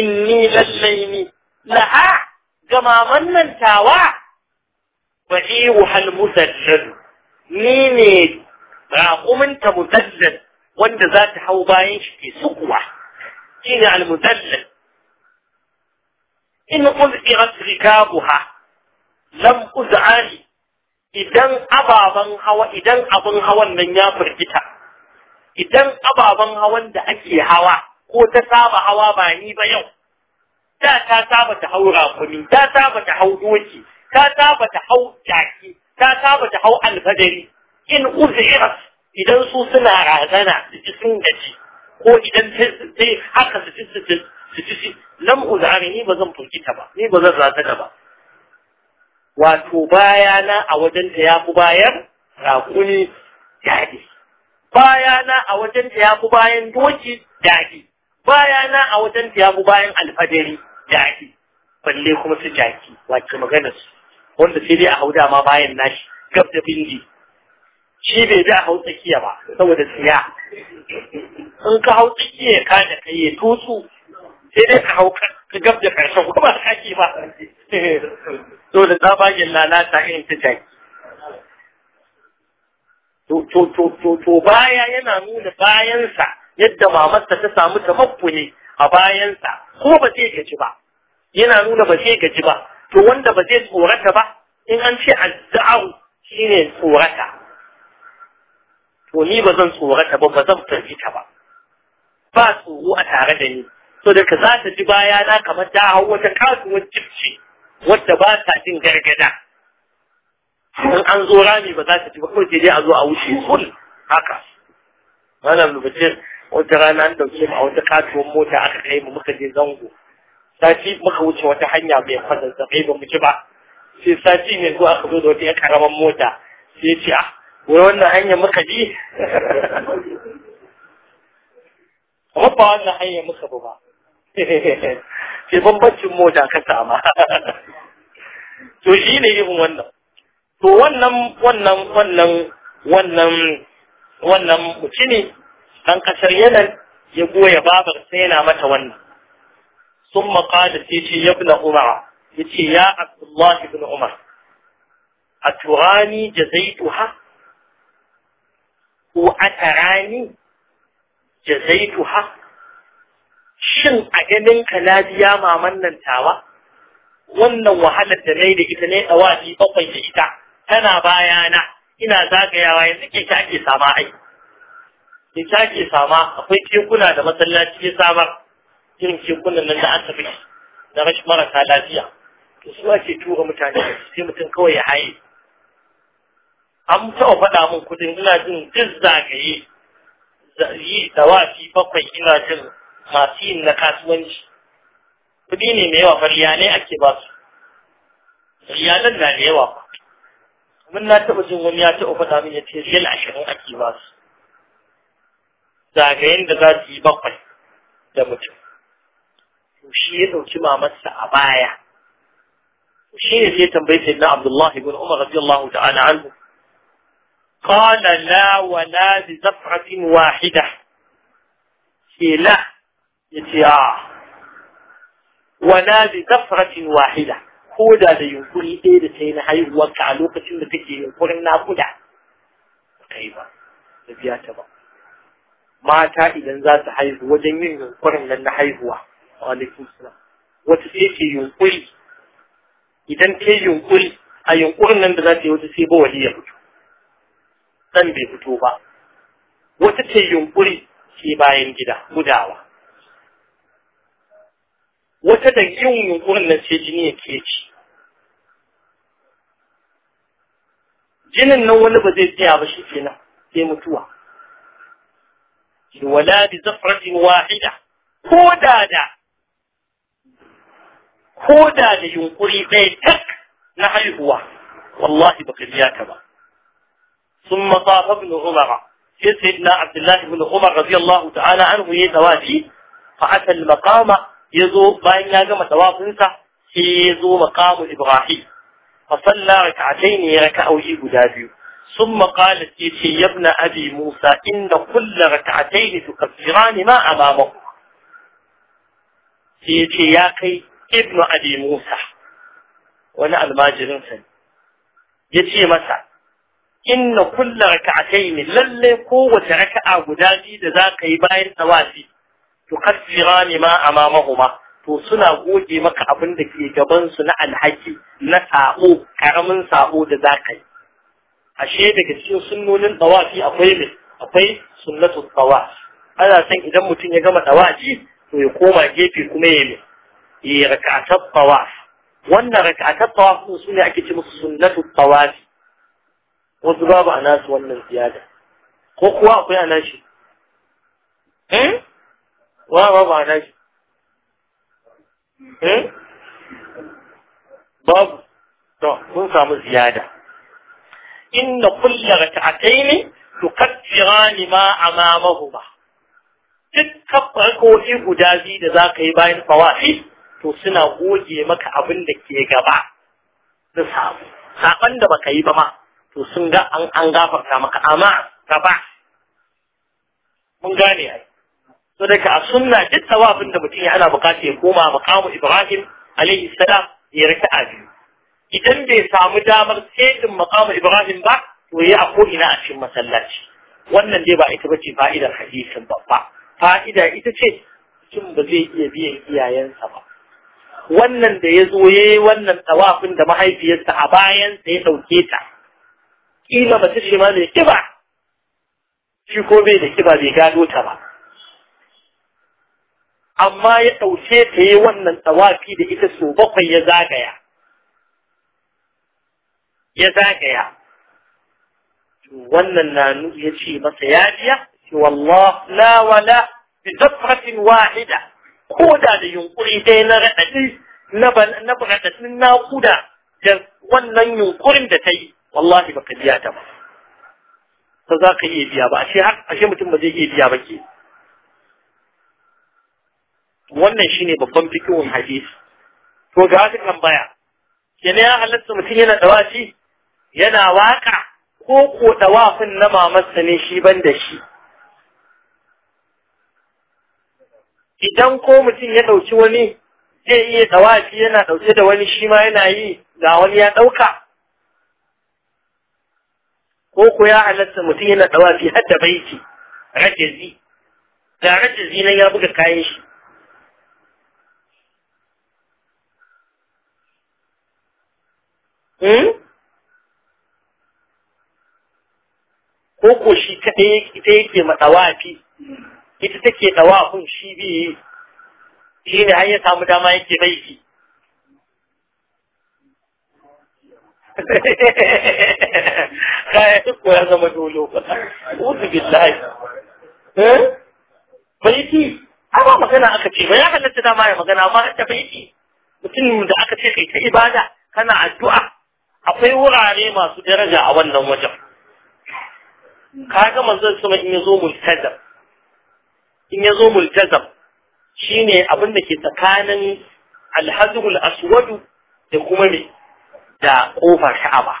إني لليني لها كما من تاوى بعيرها المذلل نيني راقمنت مذلل وانت ذات حوباين في سقوة الصنع المدلل إن أذئرت ركابها لم أزعاني idan ababen hawa idan abin hawan nan ya firgita idan ababen hawan da ake hawa ko ta saba hawa ba ni ba yau da ta saba ta hau rakumi ta saba ta hau doki ta saba ta hau jaki ta saba ta hau alfadari in uzirat idan su suna razana su ji sun gaji ko idan sai haka su ci su ci su lam uzari ni ba zan furgita ba ni ba zan razana ba wato bayana a wajen ta yafi bayan rakuni daɗi bayana a wajen ta yafi bayan doki daɗi bayana a wajen ta yafi bayan alfadari daɗi balle kuma su jaki wato magana su wanda sai dai a hauda ma bayan nashi gab da bindi shi bai bi a hau tsakiya ba saboda siya in ka hau tsakiya ka da kai ya tutu sai dai ka hau ka gab da karshe kuma ba ke ba dole tsabagen lalata in ta jaki to baya yana nuna bayansa yadda mamarsa ta samu tamakku ne a bayansa ko ba zai gaji ba yana nuna ba zai gaji ba to wanda ba zai tsorata ba in an ce azza'u shine tsorata to ni ba zan tsorata ba ba zan firgita ba ba tsoro a tare da ni so da ka za ta ji baya na kamar ta hau wata kasuwar cipci wadda ba ta jin gargada in an zo rami ba za ta ji ba kawai sai dai a zo a wuce sun haka wannan lubacin wata rana an dauke mu a wata kasuwar mota aka kai mu muka je zango sati muka wuce wata hanya mai fadar da kai ba mu ci ba sai sati ne zuwa aka zo da wata ƴan karamar mota sai ce ah wai wannan hanyar muka bi kuma ba wannan hanyar muka bi ba Ke bambancin mota kan sama. to shi ne irin wannan to wannan wannan wannan wannan wannan mutumi dan kasar yanar ya goya babar sai yana mata wannan sun maƙada sai ce ya fi Umar ya ce ya abdullahi bin umar a turani jazaitu ha ko aka rani jazaitu ha shin a ganin ka na biya maman nan tawa wannan wahalar da nai da ita ne dawafi bakwai da ita tana bayana ina zagayawa yanzu ke ta ake sama ai ke ta ake sama akwai kekuna da masallaci ya samar irin kekunan nan da asibiti na rashin marasa lafiya to su ake tura mutane sai mutum kawai ya haye an taɓa faɗa min kudin ina jin duk zagaye da wafi bakwai ina jin masu yin na kasuwanci kudi ne mai yawa fariya ne ake ba su riyalan na da yawa mun na taɓa jin wani ya taɓa faɗa min ya ce zai ashirin ake ba su zagayen da za su yi bakwai da mutum to shi ya ɗauki mamarsa a baya shi ne sai tambayi sayyidina abdullahi ibn umar radiyallahu ta'ala anhu قال لا ولا بدفعة واحدة في لا يتيا ولا بدفعة واحدة كودا da yunkuri ɗaya da ta yi na haihuwarka a lokacin da take yunkurin naƙuda ta yi mata idan za su haihu wajen yin yunkurin nan na haihuwa alaikum salam wata sai ke yunkuri idan ta yi yunkuri a yunkurin nan da za ta yi wata sai ba wali ya fito dan bai fito ba wata ce yunkuri ke bayan gida gudawa wata da yin yunkurin nan sai jini ya ke ci jinin nan wani ba zai tsaya ba shi ke nan sai mutuwa wala bi zafratin wahida ko da da ko da da yunkuri ɗaya tak na haihuwa wallahi ba biya ta ba ثم طاف ابن عمر في سيدنا عبد الله بن عمر رضي الله تعالى عنه يتوافي فأتى المقام يزو باين يا جماعة توافنسا يزو مقام إبراهيم فصلى ركعتين ركعوي غدابيو ثم قالت يتي يا ابن أبي موسى إن كل ركعتين تكفران ما أمامه يتي يا كي ابن أبي موسى ونعم الماجرين سن يتي مثلا inna kulla raka'atayn lalle kowace raka'a guda biyu da zaka yi bayan tawafi to kaffirani ma amamahuma to suna goge maka abin da ke gaban su na alhaki na sa'o karamin sa'o da ka yi ashe daga cikin sunnonin tawafi akwai ne akwai sunnatu tawaf ana san idan mutum ya gama tawafi to ya koma gefe kuma ya ne ya raka'atat tawaf wannan raka'atat tawaf sun ne ake ce musu sunnatu tawafi wasu babu a nasu wannan ziyada ko kuwa akwai a nashi eh wa babu a nashi eh babu to mun samu ziyada inna kullu rak'atayn tukaffiran ma ba duk kafarkoki guda biyu da za ka yi bayan fawafi to suna goge maka abin da ke gaba na sabu saban da baka yi ba ma to sun ga an gafarta maka amma gaba mun gane ai to daga a sunna duk tawafin da mutum yana bukata ya koma makamu Ibrahim alaihi salam ya rika a biyu idan bai samu damar tsedin makamu Ibrahim ba to yi a ko'ina a cikin masallaci wannan dai ba ita bace fa'idar hadisin babba fa'ida ita ce mutum ba zai iya biyan iyayensa ba wannan da ya zo ya yi wannan tawafin da mahaifiyarsa a bayan bayansa ya ɗauke ta kila mace ce ma mai kiba shi ko bai da kiba bai gano ta ba amma ya ɗauke ta yi wannan tsawafi da ita so bakwai ya zagaya ya zagaya wannan na ya ce masa ya biya wallah la wala bi dafratin wahida ko da da yunkuri dai na raɗaɗi na na naƙuda da wannan yunkurin da ta yi wallahi baka ka biya ta ba ta za ka iya biya ba ashe ashe mutum ba zai iya biya ba ke wannan shi ne babban fikin hadisi to ga haka tambaya kene ya halatta mutum yana dawaci yana waka ko ko dawafin na mamarsa ne shi ban da shi idan ko mutum ya ɗauki wani zai iya dawafi yana ɗauke da wani shi ma yana yi ga wani ya ɗauka ko ku ya halatta mutum yana dawafi har da baiti rajazi ga rajazi nan ya buga kayan shi hmm? ko ko shi ita yake ma dawafi ita take kun shi biye shi ne har ya samu dama yake baiti kaya duk ya zama dolo ba uzu billahi eh baiti amma magana aka ce ba ya halatta da ma ya magana amma hatta baiti mutum da aka ce kai ta ibada kana addu'a akwai wurare masu daraja a wannan wajen kaga manzon sama in yazo multazam in yazo multazam shine abin da ke tsakanin alhazrul aswad da kuma me da kofar Ka'aba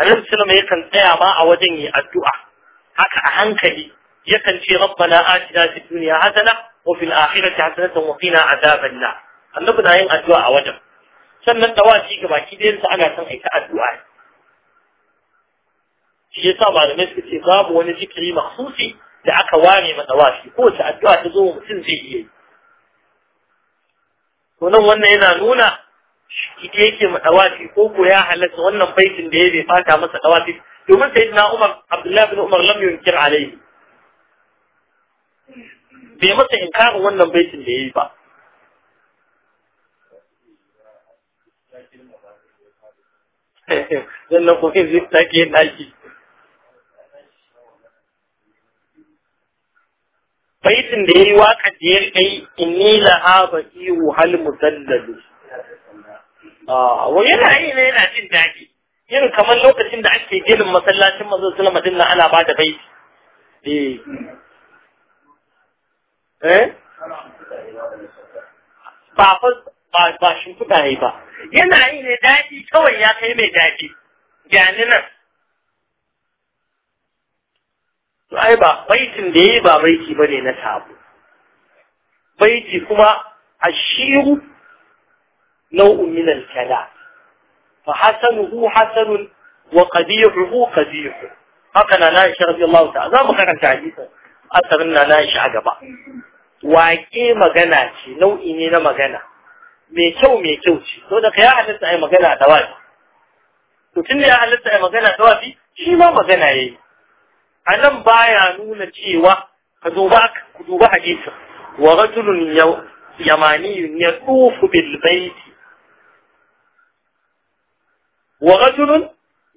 annabi sallama yakan tsaya ba a wajen yi addu'a haka a hankali yakan ce rabbana atina fid dunya hasana wa fil akhirati hasana wa qina adhaban nar annabi da yin addu'a a wajen sannan dawaci ga baki dai sai ana son aika addu'a shi yasa malamai suka ce babu wani zikiri makhsusi da aka ware ma ko ta addu'a ta zo mutum zai yi to nan wannan yana nuna ita yake ma dawafi ko ko ya halatta wannan baitin da ya bai fata masa dawafi domin na Umar Abdullahi bin Umar lam yunkir alaihi bai masa inkarin wannan baitin da yayi ba sannan kuma zai take yin daki baitin da yayi waka da ya kai inni lahaba ihu hal musallalu Ah, wa yana yi ne yana jin daɗi irin kamar lokacin da ake ginin masallacin manzon sallama din nan ana bada bai eh eh ba fa ba ba shi kuka yi ba yana yi ne daɗi kawai ya kai mai daɗi gani nan to ai ba baitin da yi ba baiti bane na sabo baiti kuma a shiru. نوع من الكلام فحسنه حسن وقبيحه قبيح هكذا نائشة رضي الله تعالى زي ما كانت حديثا نائشة عجبا waƙe magana ce nau'i ne na magana mai kyau mai kyau ce to da ya halatta ai magana da wafi to tun da ya halatta ai magana da wafi shi ma magana yayi anan baya nuna cewa ka ku duba hadisi wa rajulun yamaniyun ya bil baiti wa rajulun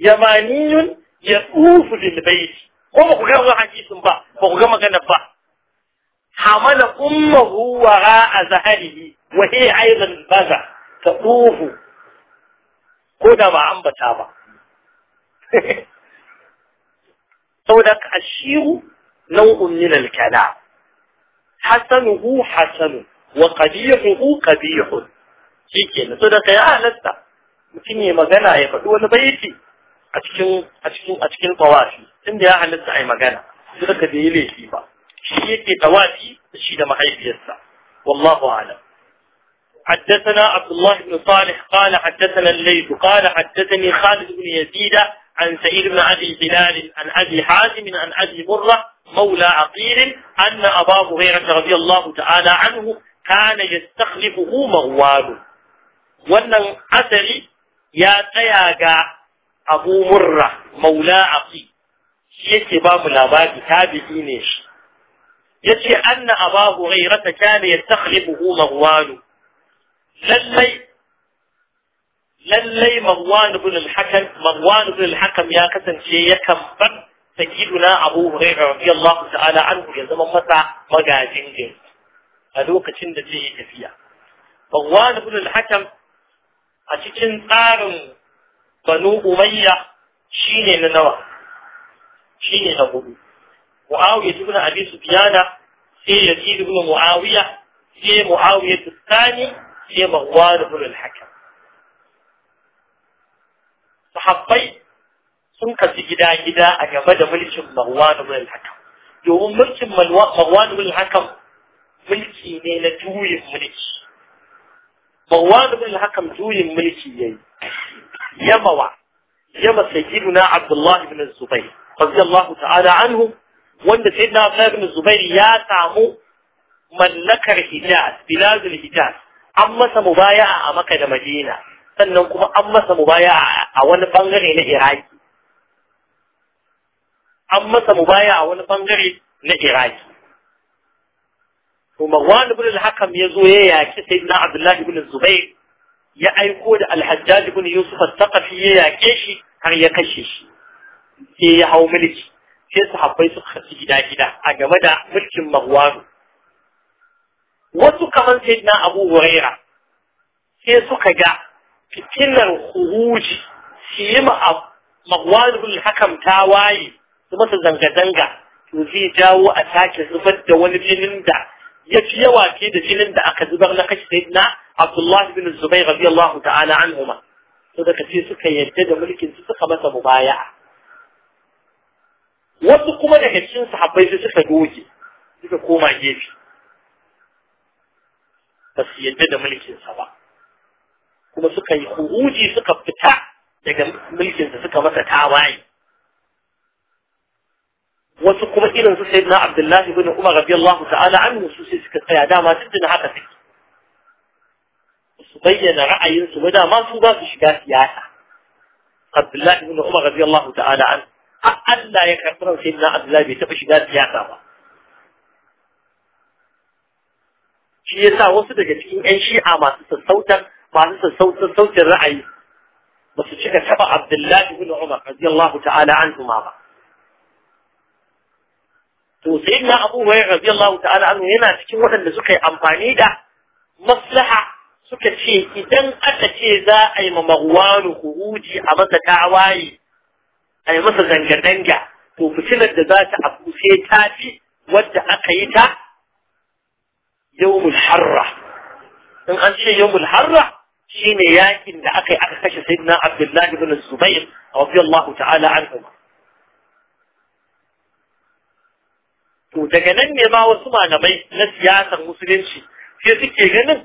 yamaniyun yatufu bil bayt ko ba ku ga wannan hadisin ba ba ku ga magana ba hamala ummuhu wara'a zahrihi wa hiya aidan baza tatufu ko da ba ambata ba saboda ashiru nau'un min al-kalam hasanuhu hasanun wa qabihuhu qabihun shikenan saboda ya halatta mutum ya magana ya faɗi wani baiti a cikin a cikin a cikin tawafi tunda ya halatta ai magana duk da bai laifi ba shi yake tawafi shi da mahaifiyarsa wallahu a'lam حدثنا عبد الله بن صالح قال حدثنا الليث قال حدثني خالد بن يزيد عن سعيد بن ابي هلال عن ابي حازم عن ابي مره مولى عقيل ان ابا هريره رضي الله تعالى عنه كان يستخلفه موال wannan asali يا تياغا ابو مره مولا عقي يكي باب لاباد تابعيني يكي ان ابا هريره كان يستخلبه مغوان للي للي مغوان بن الحكم مغوان بن الحكم يا كسن شي يكم سيدنا ابو هريره رضي الله تعالى عنه يا زمن متى مغاجين دي a lokacin da zai yi tafiya. a cikin tsarin banu umayya shine na nawa shine na hudu muawiya ibn abi sufyana sai yazid ibn muawiya sai muawiya tsani sai marwan ibn al-hakam sahabbai sun kasu gida-gida a gaba da mulkin marwan ibn al-hakam domin mulkin marwan ibn al-hakam mulki ne na juyin mulki بوان بن الحكم توي ملكي يموا يما سيدنا عبد الله بن الزبير رضي الله تعالى عنه وان سيدنا عبد الله بن الزبير يا تامو ملك الحجاز بلاد الحجاز اما سمبايا امكا دا مدينة sannan kuma an بنغري mubaya a wani bangare na Iraki an masa to marwan ibn al-hakam ya zo ya yaki na abdullahi ibn zubair ya aiko da al-hajjaj ibn yusuf al ya yake shi har ya kashe shi sai ya hau mulki sai sahabbai su kasu gida-gida a game da mulkin marwan wasu kamar na abu huraira sai suka ga fitinar huruji su yi magwazin hakan ta waye su masa zanga-zanga to zai jawo a take zubar da wani jinin da ya ci yawa fiye da jinin da aka zubar na kashi na Abdullahi bin Zubair radiyallahu ta'ala anhuma to daga ce suka yadda da mulkin su suka masa mubaya'a wasu kuma daga cikin sahabbai su suka goge suka koma gefe ba su yadda da mulkin sa ba kuma suka yi huruji suka fita daga mulkin mulkinsa suka masa tawaye wasu kuma irin su sayyidina abdullahi bin umar radiyallahu ta'ala anhu su sai suka tsaya dama duk da haka take su bayyana ra'ayinsu ba dama su ba su shiga siyasa abdullahi bin umar radiyallahu ta'ala anhu Allah ya karɓi ran sayyidina abdullahi bai taɓa shiga siyasa ba shi yasa wasu daga cikin 'yan shi'a masu sassautar masu sassautar ra'ayi ba su cika taɓa abdullahi bin umar radiyallahu ta'ala anhu ma ba to sayyidina Abu Hurairah radiyallahu ta'ala anhu yana cikin waɗanda suka yi amfani da maslaha suka ce idan aka ce za a yi ma Marwanu khuruji a masa tawaye a yi masa zanga-zanga to fitilar da za ta abu sai ta fi wadda aka yi ta yawmul harra in an ce yawmul harra shine yakin da aka yi aka kashe sayyidina Abdullahi ibn Zubair radiyallahu ta'ala anhu to daga nan ne ma wasu malamai na siyasar musulunci sai suke ganin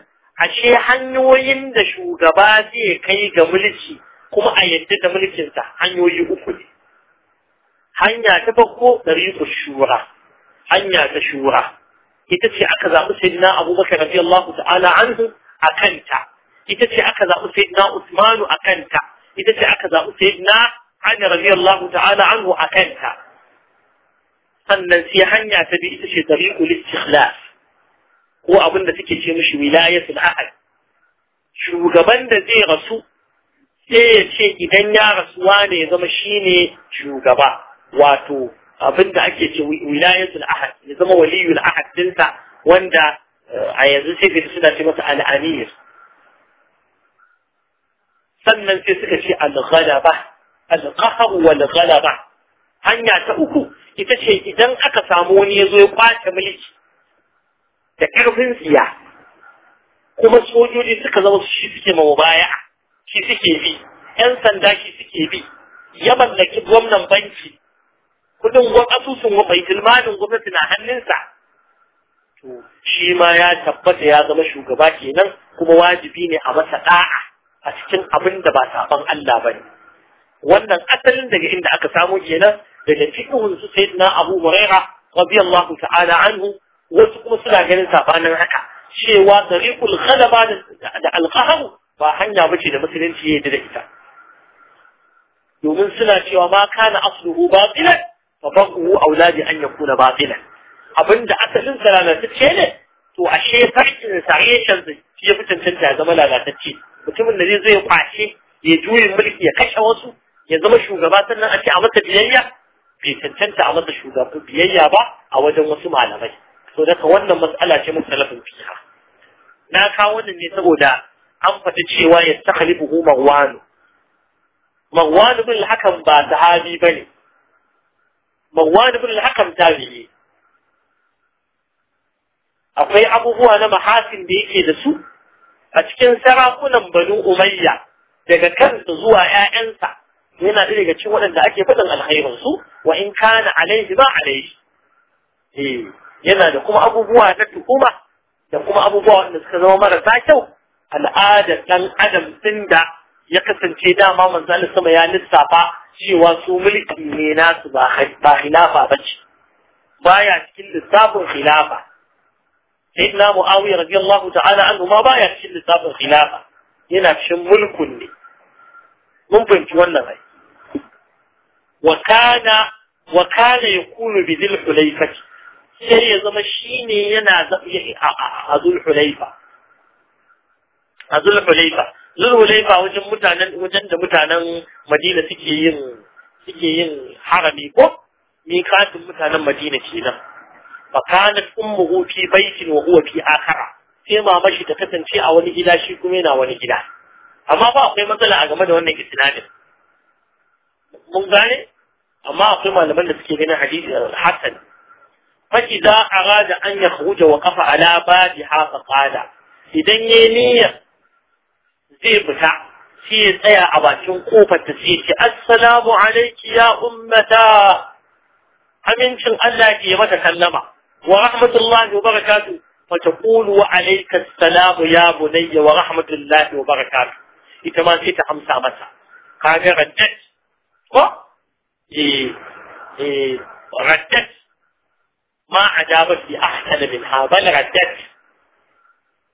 ashe hanyoyin da shugaba zai kai ga mulki kuma a yadda da mulkinsa hanyoyi uku ne hanya ta farko dari shura hanya ta shura ita ce aka zaɓi na Abubakar radiyallahu ta'ala anhu a kanta ita ce aka zaɓi na Usmanu a kanta ita ce aka zaɓi na Ali radiyallahu ta'ala anhu a kanta sannan sai hanya ta bi ita ce tariqul istikhlaf ko abin da take ce mishi wilayatul ahad shugaban da zai rasu sai ya ce idan ya rasuwa ne ya zama shine shugaba wato abin da ake ce wilayatul ahad ya zama waliyul ahad dinta wanda a yanzu sai fita suna ce masa al-amir sannan sai suka ce al-ghalaba al-qahr wal-ghalaba hanya ta uku ita ce idan aka samu wani ya zo ya kwace mulki da ƙarfin tsiya kuma sojoji suka zama su shi suke baya shi suke bi ‘yan sanda shi suke bi ya mallaki gwamnan banki kudin gwam asusun baitul malin gwamnati na hannunsa to shi ma ya tabbata ya zama shugaba kenan kuma wajibi ne a masa da'a a cikin abin da ba saban Allah ba ne wannan asalin daga inda aka samu kenan لنبيه سيدنا أبو مريرة رضي الله تعالى عنه وسكم صلاة جلسة بانا عكا شيء وطريق الغلبة القهر فحنى بجي لمثل انت يدريتا يومن صلاة وما كان أصله باطلا فبقوا أولادي أن يكون باطلا أبند أسل صلاة تتشيلة تو أشياء فرق سعيه شمزي في يبتن تنتع زملا لا تتشيل mutum da zai zo ya kwashi ya juye mulki ya kashe wasu ya zama shugaba sannan a ce a mata biyayya bai cancanta a masa shugaban biyayya ba a wajen wasu malamai so daga wannan matsala ce mun talafin fiha na kawo wannan ne saboda an faɗi cewa ya takhalifuhu marwanu marwanu bin hakan ba sahabi bane marwanu bin hakan tabi'i akwai abubuwa na mahasin da yake da su a cikin sarakunan banu umayya daga kansa zuwa 'ya'yansa yana ɗaya daga cikin waɗanda ake faɗin alkhairin su wa in kana alaihi ba alaihi eh, yana da kuma abubuwa na tuhuma da kuma abubuwa wanda suka zama marasa kyau al'adar ɗan adam ɗin da ya kasance dama manzo Allah sama ya lissafa cewa su mulki ne nasu ba ba khilafa bace baya cikin lissafin khilafa sayyidina muawiya radiyallahu ta'ala anhu ma baya cikin lissafin khilafa yana cikin mulkun ne mun fahimci wannan ai وكان وكان يكون بذي الحليفة sai ya zama shi yana a zulhulaifa a zulhulaifa Hulaifa. wajen mutanen wajen da mutanen madina suke yin suke yin harami ko miƙatin mutanen madina kenan fa kanat ummuhu fi baitin wa huwa fi akhara sai mama shi ta kasance a wani gida shi kuma yana wani gida amma ba akwai matsala a game da wannan isnadin mun ما amma akwai malaman da حديث آه، حسن فإذا أراد أن يخرج وقف على بابها فقال إذا ينية زي بتاع في سيا أباكم قوفة تسيرك السلام عليك يا أمتا أمن شن الله كي متكلم ورحمة الله وبركاته فتقول وعليك السلام يا بني ورحمة الله وبركاته ما سيت حمسة مسا كان ردت ko eh eh raddat ma ajabat bi ahsana min ha bal raddat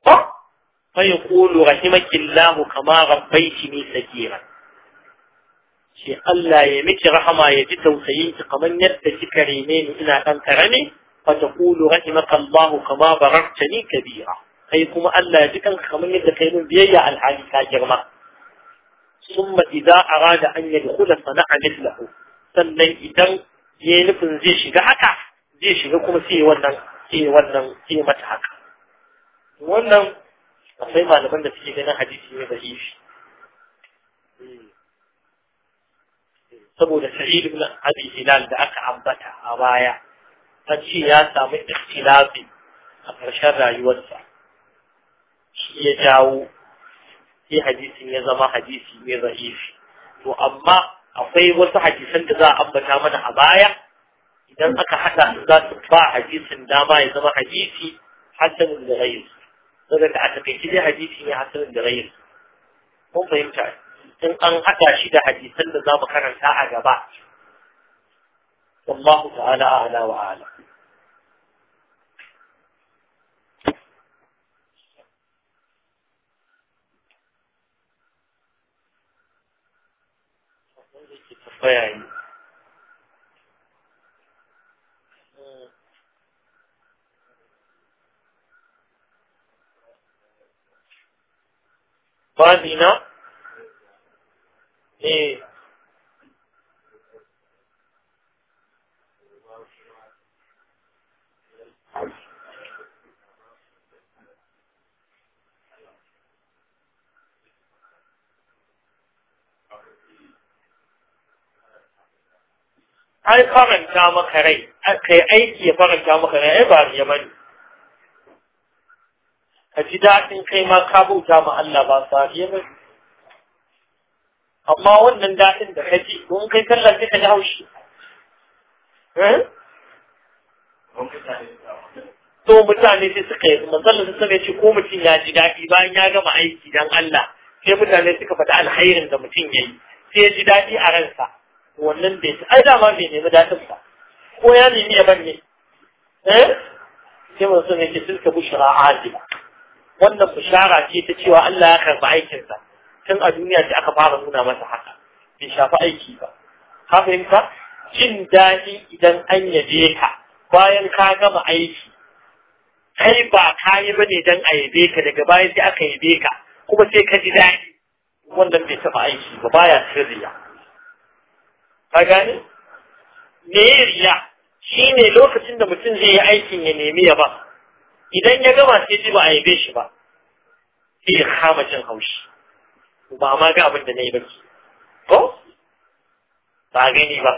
ko fa yaqulu rahimaki kama rabbaytini sakiran ce Allah ya miki rahama ya ji tausayin ki kamar yadda kika rene ni ina dan karami fa taqulu rahimaka Allah kama barartani kabira kai kuma Allah ya ji kanka kamar yadda kai min biyayya alhali ka girma ثم إذا أراد أن يدخل صنع مثله sannan idan ya nufin zai shiga haka zai shiga kuma sai wannan sai wannan sai mata haka wannan akwai malaman da suke ganin hadisi ne da shi saboda sa'id ibn abi hilal da aka ambata a baya ta ya samu ikhtilafi a karshen rayuwarsa shi ya jawo sai hadisin ya zama hadisi ne za'ifi to amma akwai wasu hadisan da za a ambata mana a baya idan aka haɗa su za su ba hadisin dama ya zama hadisi hasanin da rayu saboda a takaice dai hadisi ne hasanin da rayu kun fahimta in an haɗa shi da hadisan da za mu karanta a gaba والله تعالى أعلى وأعلم ai aí. Pode não? ai faranta maka rai kai aiki ya faranta maka rai ai ba ya bane ka ji daɗin kai ma ka bauta ma Allah ba sa ya bane amma wannan daɗin da ka ji don kai sallar sai ka ji haushi eh? to mutane sai suka yi matsalar su suka ce ko mutum ya ji daɗi bayan ya gama aiki don Allah sai mutane suka faɗi alhairin da mutum ya yi sai ya ji daɗi a ransa wannan bai ai dama bai nemi daɗin ba ko ya nemi ya banne eh sai mun sun yake tilka bushra azima wannan bushara ce ta cewa Allah ya karba aikin sa tun a duniya da aka fara nuna masa haka bai shafi aiki ba ka fahimta jin daɗi idan an yabe ka bayan ka gama aiki kai ba ka yi bane dan a yabe ka daga baya sai aka yabe ka kuma sai ka ji daɗi wannan bai taɓa aiki ba baya sirriya ka gani? me ya riya shi ne lokacin da mutum zai yi aikin ya nemi ya ba idan ya gama sai ji ba a yabe shi ba sai ya kama jin haushi ba ma ga abin da na yi ba ko ba gani ba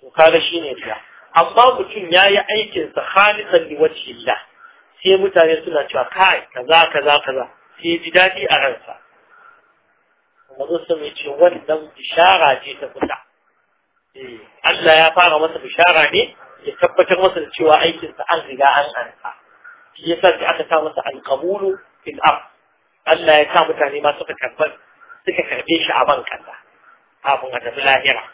to kaga shi ne riya amma mutum ya yi aikinsa khalisan li illa sai mutane suna cewa kai kaza kaza kaza sai ji daɗi a ransa manzo sun yi ce wannan bishara ce ta kusa Allah ya fara masa bishara ne ya tabbatar masa da cewa aikinsa an riga an anka shi yasa sai aka sa masa alqabulu fil ard Allah ya sa mutane ma suka karba suka karbe shi a banka kalla kafin ga lahira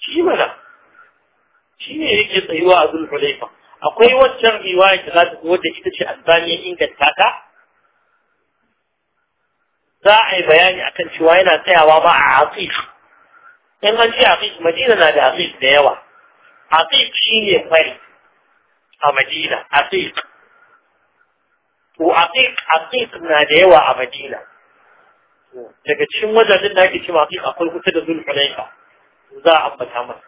shi mana shi ne yake tsayuwa a zulhulaifa akwai waccan riwaya da za ta zo da ita ce albani ya inganta ta za a yi bayani akan cewa yana tsayawa ba a aqif in an ce aqif madina na da aqif da yawa aqif shine kwari a madina aqif to aqif aqif na da yawa a madina daga cikin wajajen da ake cewa aqif akwai kusa da zulhulaifa za a ambata masa